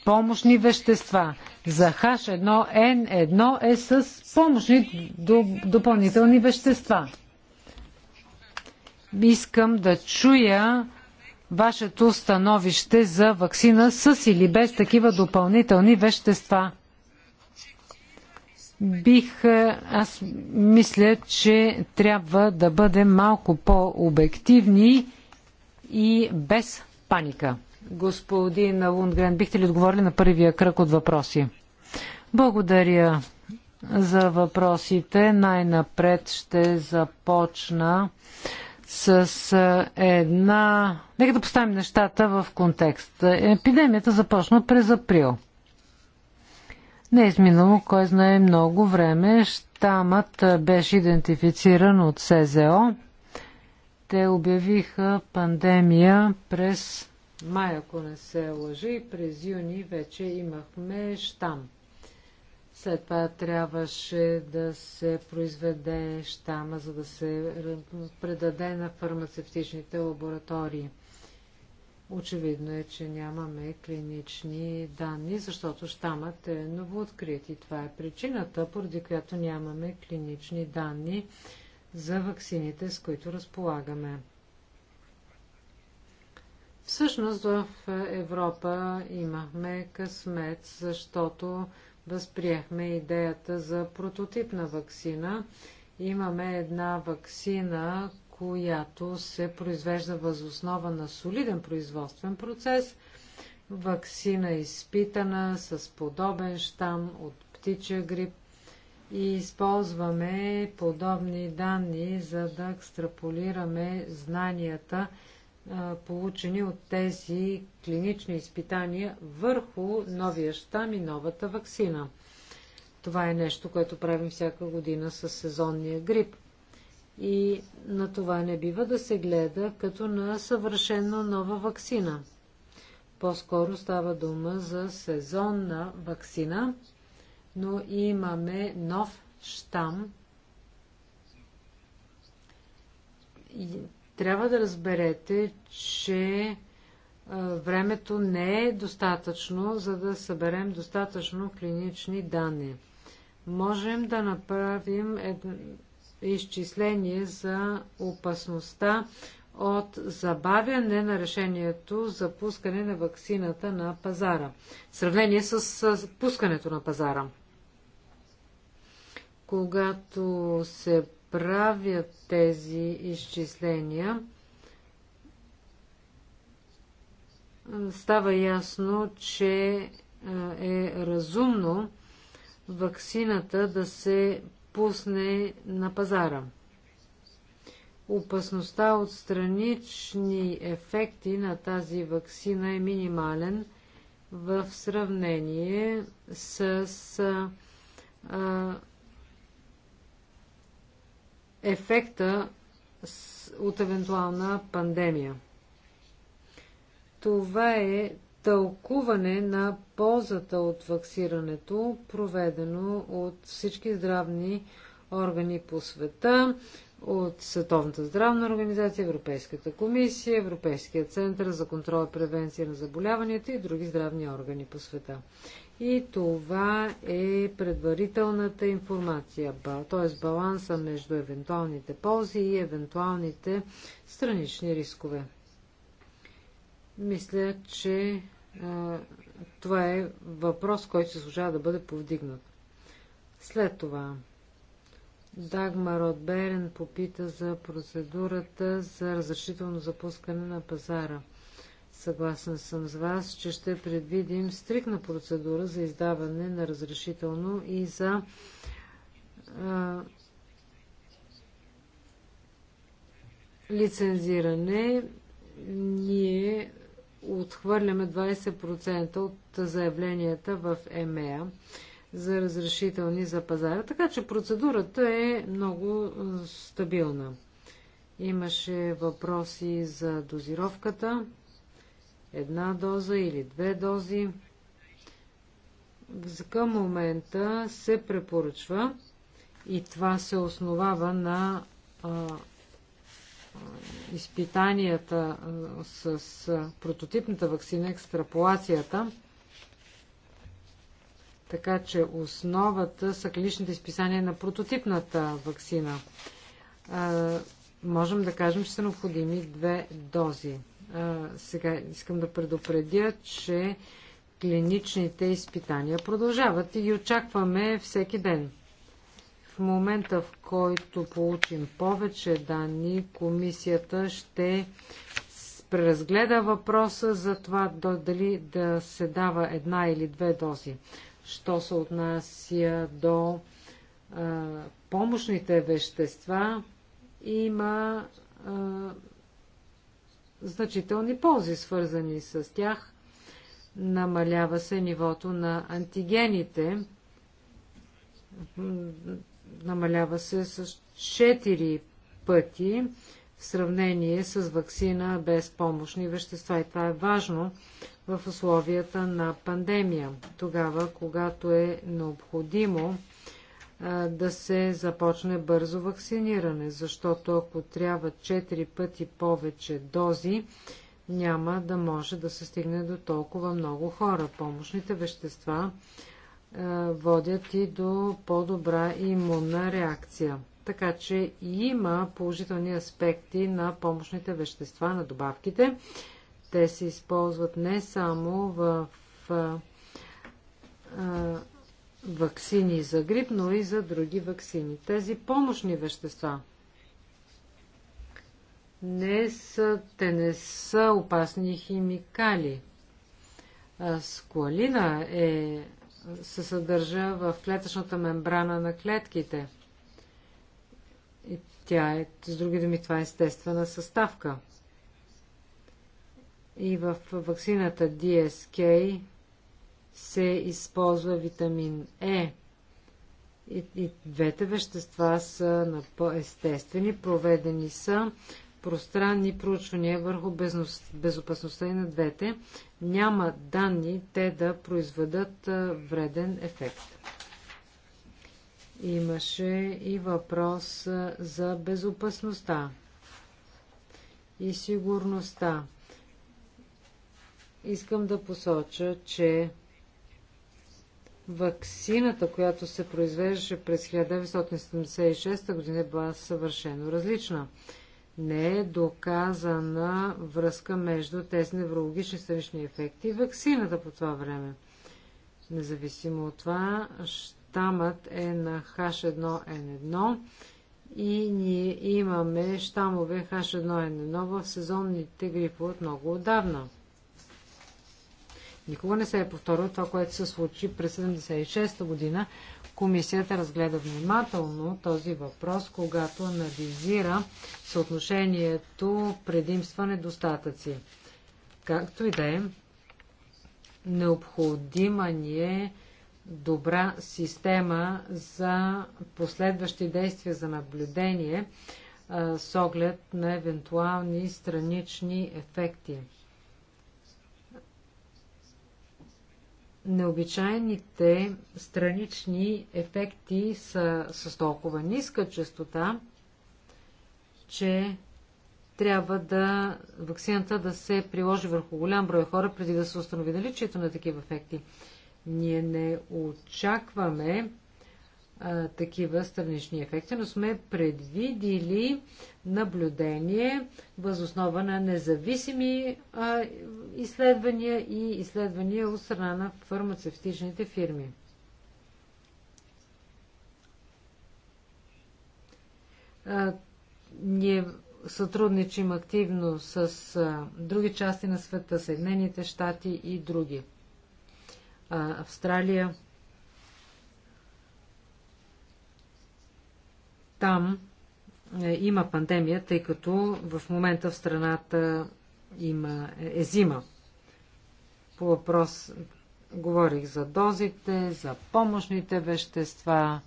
помощни вещества. За H1N1 е с помощни допълнителни вещества искам да чуя вашето становище за вакцина с или без такива допълнителни вещества. Бих, е, аз мисля, че трябва да бъдем малко по-обективни и без паника. Господин Лундгрен, бихте ли отговорили на първия кръг от въпроси? Благодаря за въпросите. Най-напред ще започна с една... Нека да поставим нещата в контекст. Епидемията започна през април. Не е изминало, кой знае много време. Штамът беше идентифициран от СЗО. Те обявиха пандемия през май, ако не се лъжи, и през юни вече имахме штам. След това трябваше да се произведе щама, за да се предаде на фармацевтичните лаборатории. Очевидно е, че нямаме клинични данни, защото щамът е новооткрит и това е причината, поради която нямаме клинични данни за ваксините, с които разполагаме. Всъщност в Европа имахме късмет, защото възприехме идеята за прототипна вакцина. Имаме една вакцина, която се произвежда възоснова на солиден производствен процес. Вакцина изпитана с подобен щам от птичия грип и използваме подобни данни, за да екстраполираме знанията получени от тези клинични изпитания върху новия щам и новата вакцина. Това е нещо, което правим всяка година с сезонния грип. И на това не бива да се гледа като на съвършено нова вакцина. По-скоро става дума за сезонна вакцина, но имаме нов щам, трябва да разберете, че времето не е достатъчно, за да съберем достатъчно клинични данни. Можем да направим изчисление за опасността от забавяне на решението за пускане на ваксината на пазара. В сравнение с пускането на пазара. Когато се правят тези изчисления, става ясно, че е разумно ваксината да се пусне на пазара. Опасността от странични ефекти на тази вакцина е минимален в сравнение с а, а, ефекта от евентуална пандемия. Това е тълкуване на ползата от ваксирането, проведено от всички здравни органи по света, от Световната здравна организация, Европейската комисия, Европейския център за контрол и превенция на заболяванията и други здравни органи по света. И това е предварителната информация, т.е. баланса между евентуалните ползи и евентуалните странични рискове. Мисля, че а, това е въпрос, който се служава да бъде повдигнат. След това Дагмар от Берен попита за процедурата за разрешително запускане на пазара – Съгласен съм с вас, че ще предвидим стрикна процедура за издаване на разрешително и за а, лицензиране. Ние отхвърляме 20% от заявленията в ЕМЕА за разрешителни за пазара, така че процедурата е много стабилна. Имаше въпроси за дозировката една доза или две дози. Към момента се препоръчва и това се основава на а, изпитанията с прототипната вакцина, екстраполацията. Така че основата са клиничните изписания на прототипната вакцина. А, можем да кажем, че са необходими две дози сега искам да предупредя, че клиничните изпитания продължават и ги очакваме всеки ден. В момента, в който получим повече данни, комисията ще преразгледа въпроса за това дали да се дава една или две дози. Що се отнася до а, помощните вещества, има а, значителни ползи, свързани с тях. Намалява се нивото на антигените. Намалява се с 4 пъти в сравнение с вакцина без помощни вещества. И това е важно в условията на пандемия. Тогава, когато е необходимо да се започне бързо вакциниране, защото ако трябва 4 пъти повече дози, няма да може да се стигне до толкова много хора. Помощните вещества водят и до по-добра имунна реакция. Така че има положителни аспекти на помощните вещества, на добавките. Те се използват не само в ваксини за грип, но и за други ваксини. Тези помощни вещества не са, те не са опасни химикали. Скуалина е, се съдържа в клетъчната мембрана на клетките. И тя е, с други думи, това е естествена съставка. И в вакцината DSK се използва витамин Е. И, и двете вещества са естествени, проведени са пространни проучвания върху безопасността и на двете. Няма данни те да произведат вреден ефект. Имаше и въпрос за безопасността и сигурността. Искам да посоча, че Ваксината, която се произвеждаше през 1976 година, е била съвършено различна. Не е доказана връзка между тези неврологични странични ефекти и ваксината по това време. Независимо от това, щамът е на H1N1 и ние имаме щамове H1N1 в сезонните грипове от много отдавна. Никога не се е повторило това, което се случи през 76-та година. Комисията разгледа внимателно този въпрос, когато анализира съотношението предимства-недостатъци. Както и да е, необходима ни е добра система за последващи действия за наблюдение с оглед на евентуални странични ефекти. необичайните странични ефекти са с толкова ниска частота, че трябва да вакцината да се приложи върху голям брой хора, преди да се установи наличието на такива ефекти. Ние не очакваме а, такива странични ефекти, но сме предвидили наблюдение възоснова на независими а, изследвания и изследвания от страна на фармацевтичните фирми. А, ние сътрудничим активно с а, други части на света, Съединените щати и други. А, Австралия, Там е, има пандемия, тъй като в момента в страната има, е, е зима. По въпрос говорих за дозите, за помощните вещества,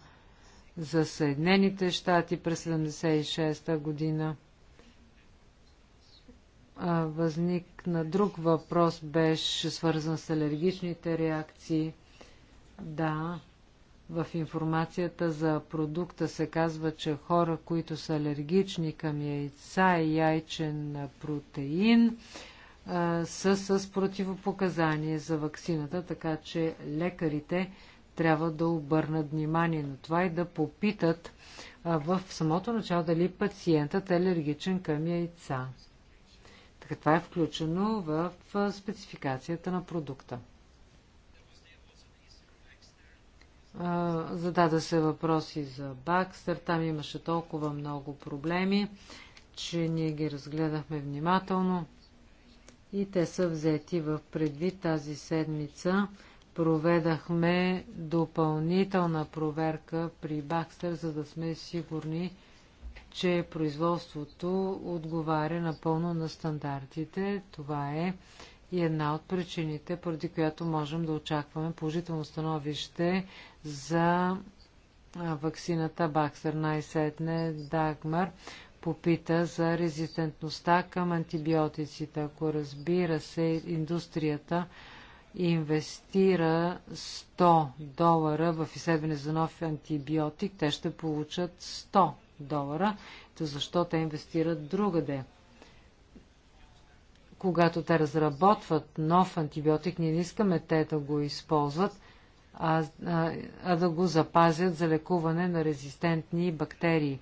за Съединените щати през 76-та година. А, възникна друг въпрос, беше свързан с алергичните реакции. Да, в информацията за продукта се казва, че хора, които са алергични към яйца и яйчен протеин, са с противопоказание за ваксината, така че лекарите трябва да обърнат внимание на това и да попитат в самото начало дали пациентът е алергичен към яйца. Така това е включено в спецификацията на продукта. Зададе се въпроси за Бакстър. Там имаше толкова много проблеми, че ние ги разгледахме внимателно. И те са взети в предвид тази седмица. Проведахме допълнителна проверка при Бакстър, за да сме сигурни, че производството отговаря напълно на стандартите. Това е и една от причините, поради която можем да очакваме положително становище за ваксината Баксер. Най-сетне Дагмар попита за резистентността към антибиотиците. Ако разбира се, индустрията инвестира 100 долара в изследване за нов антибиотик, те ще получат 100 долара. То защо те инвестират другаде? Когато те разработват нов антибиотик, ние не искаме те да го използват – а, а, а да го запазят за лекуване на резистентни бактерии.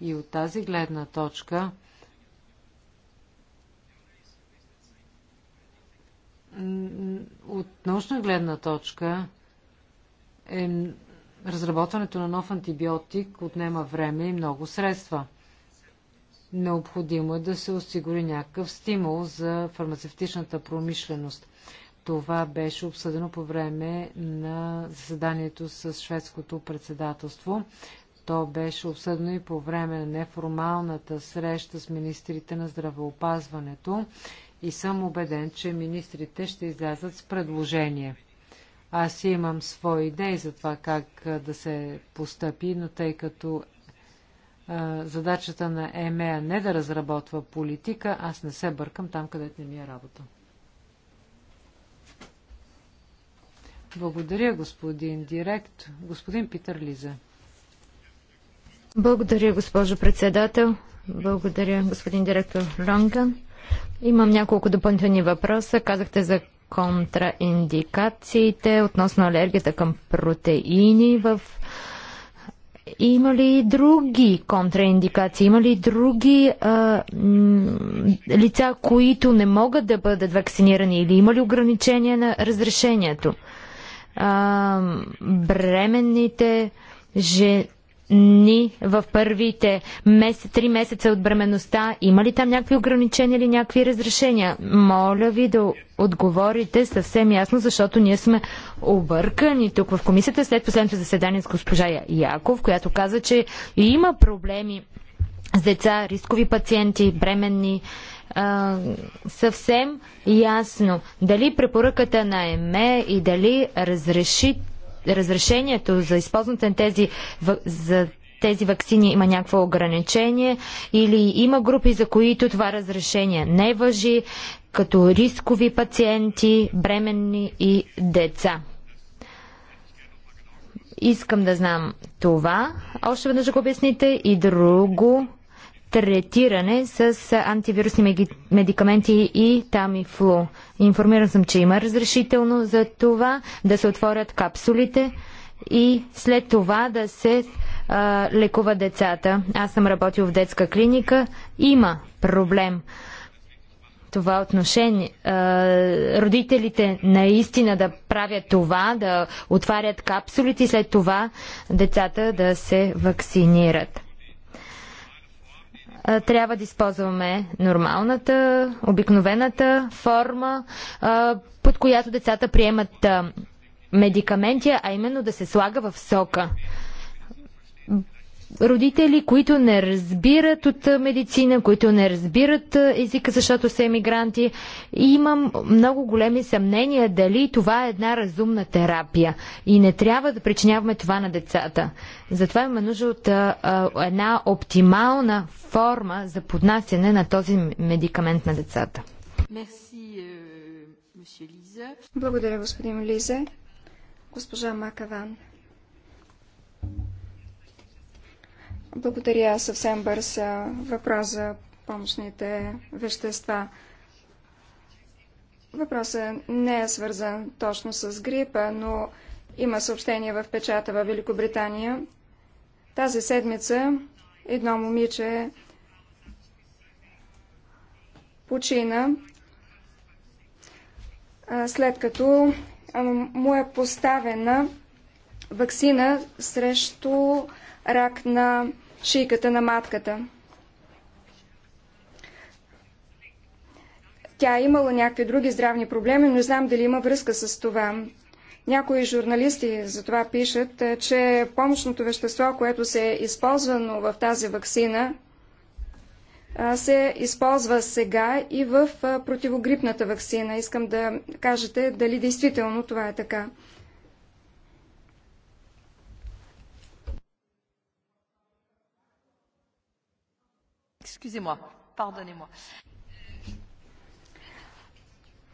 И от тази гледна точка от научна гледна точка е разработването на нов антибиотик отнема време и много средства. Необходимо е да се осигури някакъв стимул за фармацевтичната промишленост. Това беше обсъдено по време на заседанието с шведското председателство. То беше обсъдено и по време на неформалната среща с министрите на здравеопазването и съм убеден, че министрите ще излязат с предложение. Аз имам свои идеи за това как да се постъпи, но тъй като а, задачата на ЕМЕА не е да разработва политика, аз не се бъркам там, където не ми е работа. Благодаря, господин директ. Господин Питър Лиза. Благодаря, госпожо председател. Благодаря, господин директор Лонган. Имам няколко допълнителни въпроса. Казахте за контраиндикациите относно алергията към протеини в има ли други контраиндикации? Има ли други а, лица, които не могат да бъдат вакцинирани или има ли ограничение на разрешението? а, бременните жени в първите месец, три месеца от бременността? Има ли там някакви ограничения или някакви разрешения? Моля ви да отговорите съвсем ясно, защото ние сме объркани тук в комисията след последното заседание с госпожа Яков, която каза, че има проблеми с деца, рискови пациенти, бременни а, съвсем ясно дали препоръката на ЕМЕ и дали разреши, разрешението за използването на тези за тези вакцини има някакво ограничение или има групи, за които това разрешение не въжи, като рискови пациенти, бременни и деца. Искам да знам това. Още веднъж го обясните и друго третиране с антивирусни медикаменти и тамифлу. Информиран съм, че има разрешително за това да се отворят капсулите и след това да се а, лекува децата. Аз съм работил в детска клиника. Има проблем това отношение. А, родителите наистина да правят това, да отварят капсулите и след това децата да се вакцинират трябва да използваме нормалната, обикновената форма, под която децата приемат медикаменти, а именно да се слага в сока родители, които не разбират от медицина, които не разбират езика, защото са емигранти. И имам много големи съмнения дали това е една разумна терапия. И не трябва да причиняваме това на децата. Затова има нужда от а, една оптимална форма за поднасяне на този медикамент на децата. Euh, Благодаря, господин Лизе. Госпожа Макаван. Благодаря съвсем бърз въпрос за помощните вещества. Въпросът не е свързан точно с грипа, но има съобщение в печата в Великобритания. Тази седмица едно момиче почина след като му е поставена вакцина срещу рак на шийката на матката. Тя е имала някакви други здравни проблеми, но не знам дали има връзка с това. Някои журналисти за това пишат, е, че помощното вещество, което се е използвано в тази вакцина, се използва сега и в противогрипната вакцина. Искам да кажете дали действително това е така. Excusez-moi, pardonnez-moi.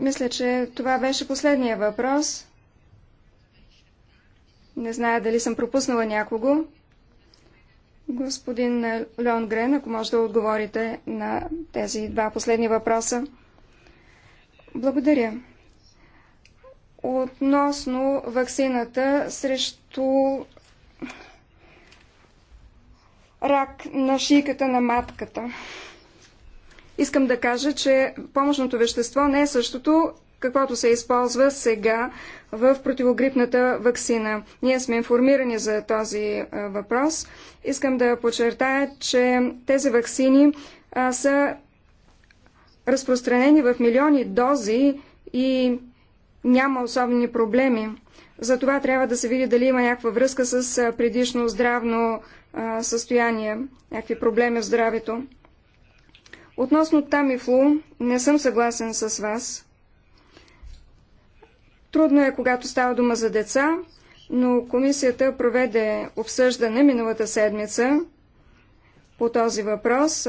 Мисля, че това беше последния въпрос. Не зная дали съм пропуснала някого. Господин Леон Грен, ако може да отговорите на тези два последни въпроса. Благодаря. Относно вакцината срещу рак на шийката на матката. Искам да кажа, че помощното вещество не е същото, каквото се използва сега в противогрипната вакцина. Ние сме информирани за този въпрос. Искам да подчертая, че тези вакцини са разпространени в милиони дози и няма особени проблеми. За това трябва да се види дали има някаква връзка с предишно здравно Състояния, състояние, някакви проблеми в здравето. Относно Тамифлу, не съм съгласен с вас. Трудно е, когато става дума за деца, но комисията проведе обсъждане миналата седмица по този въпрос.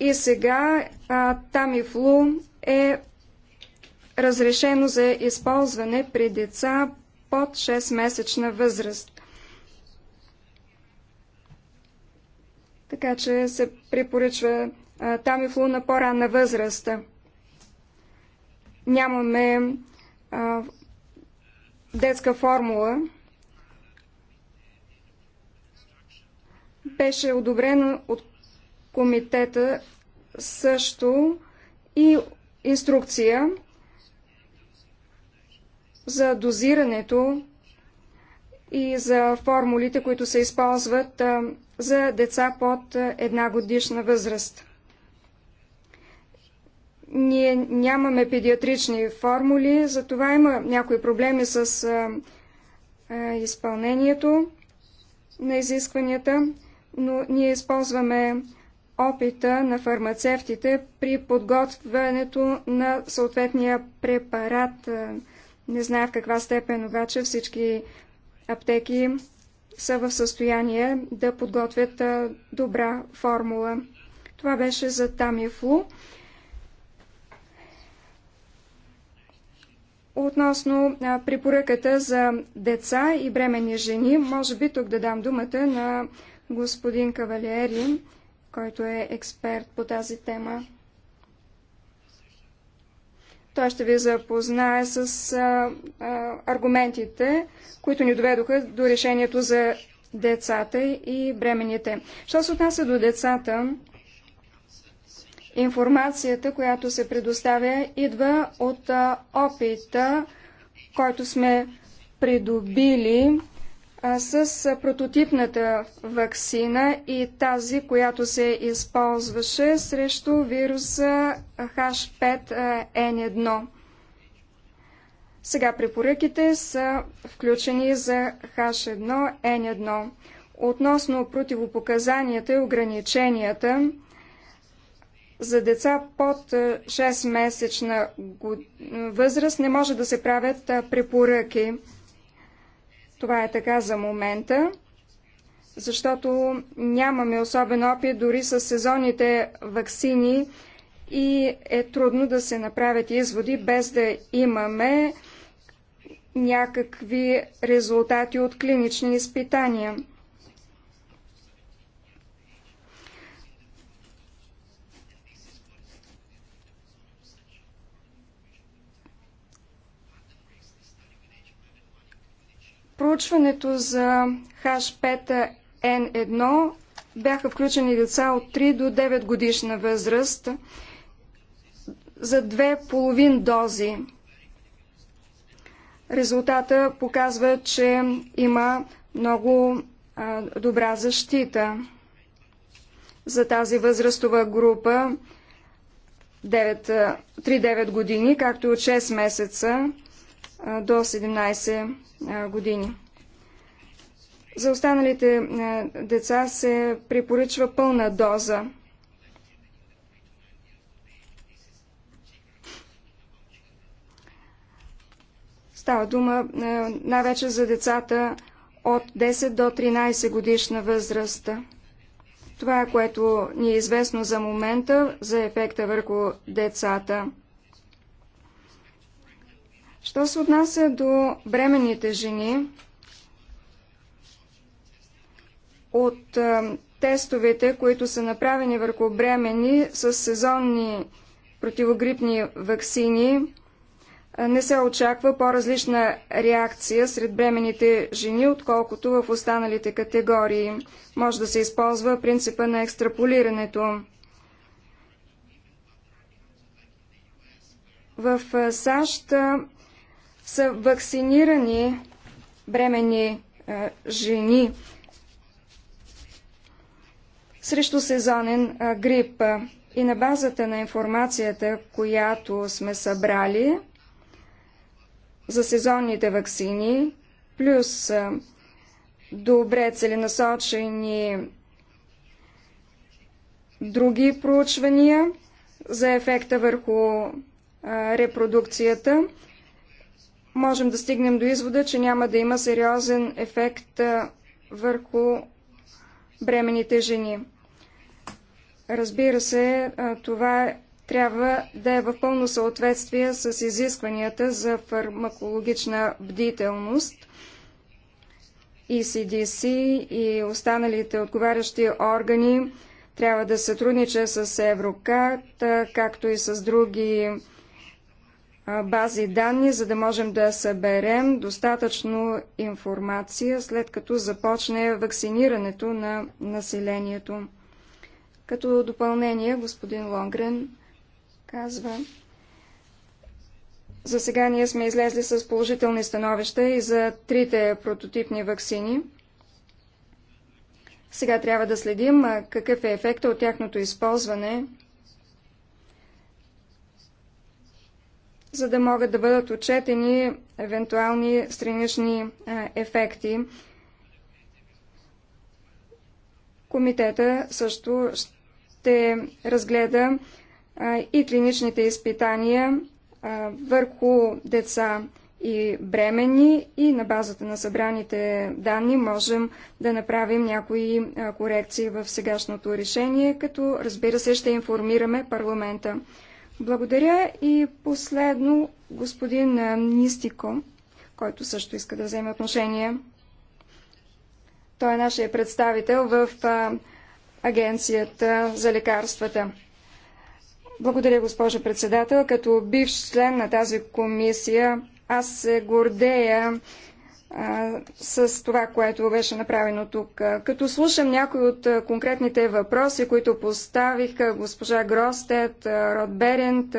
И сега а, Тамифлу е разрешено за използване при деца под 6-месечна възраст. Така че се препоръчва тамифлу на по-ранна възраст. Нямаме а, детска формула. Беше одобрено от комитета също и инструкция за дозирането и за формулите, които се използват за деца под една годишна възраст. Ние нямаме педиатрични формули, затова има някои проблеми с изпълнението на изискванията, но ние използваме опита на фармацевтите при подготвянето на съответния препарат не знае в каква степен обаче всички аптеки са в състояние да подготвят добра формула. Това беше за Тамифлу. Относно препоръката за деца и бременни жени, може би тук да дам думата на господин Кавалери, който е експерт по тази тема. Той ще ви запознае с а, а, аргументите, които ни доведоха до решението за децата и бремените. Що се отнася до децата, информацията, която се предоставя, идва от опита, който сме придобили с прототипната вакцина и тази, която се използваше срещу вируса H5N1. Сега препоръките са включени за H1N1. Относно противопоказанията и ограниченията за деца под 6-месечна възраст не може да се правят препоръки. Това е така за момента, защото нямаме особен опит дори с сезонните вакцини и е трудно да се направят изводи без да имаме някакви резултати от клинични изпитания. проучването за H5N1 бяха включени деца от 3 до 9 годишна възраст за две половин дози. Резултата показва, че има много а, добра защита за тази възрастова група 3-9 години, както и от 6 месеца до 17 години. За останалите деца се препоръчва пълна доза. Става дума най-вече за децата от 10 до 13 годишна възраст. Това е което ни е известно за момента за ефекта върху децата. Що се отнася до бременните жени, от е, тестовете, които са направени върху бремени с сезонни противогрипни вакцини, е, не се очаква по-различна реакция сред бременните жени, отколкото в останалите категории. Може да се използва принципа на екстраполирането. В е, САЩ са вакцинирани бремени е, жени срещу сезонен е, грип. И на базата на информацията, която сме събрали за сезонните вакцини, плюс е, добре целенасочени други проучвания за ефекта върху репродукцията, можем да стигнем до извода, че няма да има сериозен ефект върху бременните жени. Разбира се, това трябва да е в пълно съответствие с изискванията за фармакологична бдителност. И CDC и останалите отговарящи органи трябва да сътрудничат с Еврокат, както и с други бази данни, за да можем да съберем достатъчно информация, след като започне вакцинирането на населението. Като допълнение, господин Лонгрен казва, за сега ние сме излезли с положителни становища и за трите прототипни вакцини. Сега трябва да следим какъв е ефекта от тяхното използване – за да могат да бъдат отчетени евентуални странични е, ефекти. Комитета също ще разгледа е, и клиничните изпитания е, върху деца и бремени и на базата на събраните данни можем да направим някои корекции в сегашното решение, като разбира се ще информираме парламента. Благодаря и последно господин Нистико, който също иска да вземе отношение. Той е нашия представител в Агенцията за лекарствата. Благодаря, госпожа председател. Като бивш член на тази комисия, аз се гордея с това, което беше направено тук. Като слушам някои от конкретните въпроси, които поставих госпожа Гростет, Род Берент,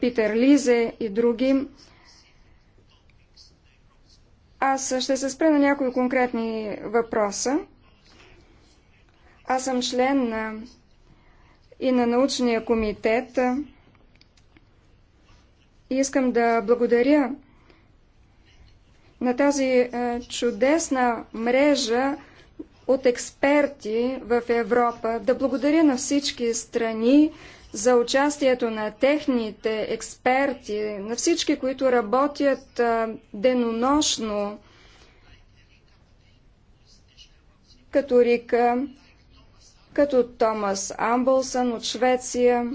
Питер Лизе и други, аз ще се спра на някои конкретни въпроса. Аз съм член на, и на научния комитет и искам да благодаря на тази е, чудесна мрежа от експерти в Европа, да благодаря на всички страни за участието на техните експерти, на всички, които работят е, денонощно, като Рика, като Томас Амбълсън от Швеция,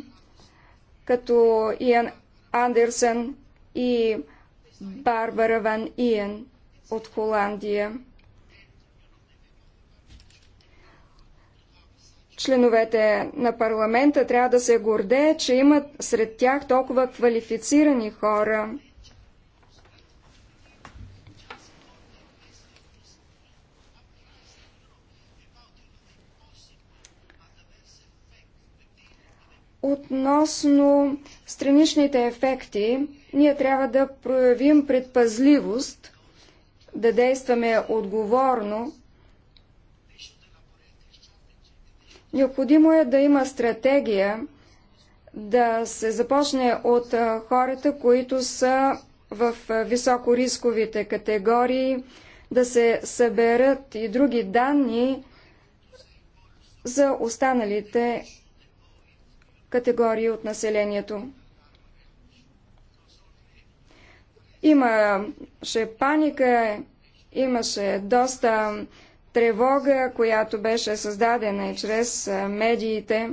като Иан Андерсън и Барбара Ван Иен от Холандия. Членовете на парламента трябва да се гордеят, че имат сред тях толкова квалифицирани хора. Относно страничните ефекти, ние трябва да проявим предпазливост, да действаме отговорно. Необходимо е да има стратегия, да се започне от хората, които са в високорисковите категории, да се съберат и други данни за останалите категории от населението. Имаше паника, имаше доста тревога, която беше създадена и чрез медиите,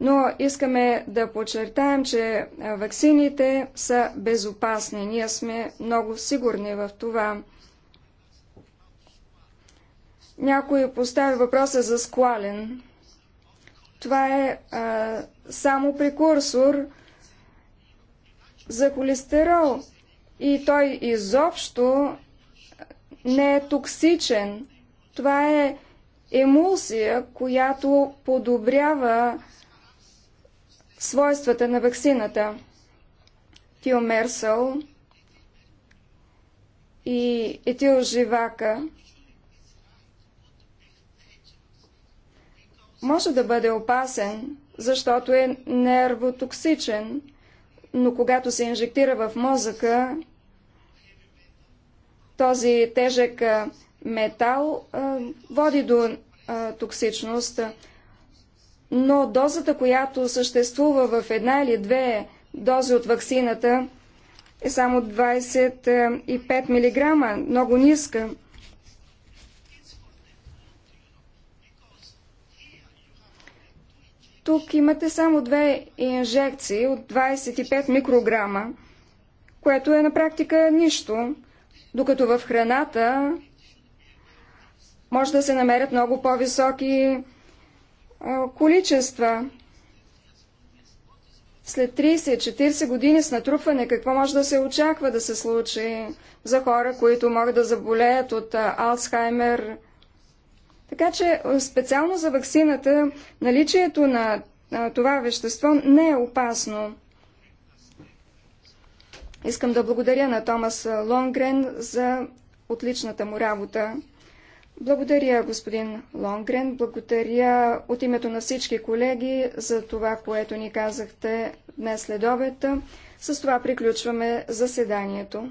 но искаме да подчертаем, че ваксините са безопасни. Ние сме много сигурни в това. Някой постави въпроса за сквален. Това е а, само прекурсор за холестерол и той изобщо не е токсичен. Това е емулсия, която подобрява свойствата на ваксината. Тиомерсъл и етилживака може да бъде опасен, защото е нервотоксичен, но когато се инжектира в мозъка, този тежък метал а, води до а, токсичност, но дозата, която съществува в една или две дози от ваксината, е само 25 мг, много ниска. Тук имате само две инжекции от 25 микрограма, което е на практика нищо, докато в храната може да се намерят много по-високи количества. След 30-40 години с натрупване, какво може да се очаква да се случи за хора, които могат да заболеят от Алцхаймер, така че е, специално за вакцината наличието на това вещество не е опасно. Искам да благодаря на Томас Лонгрен за отличната му работа. Благодаря, господин Лонгрен. Благодаря от името на всички колеги за това, което ни казахте днес следовета. С това приключваме заседанието.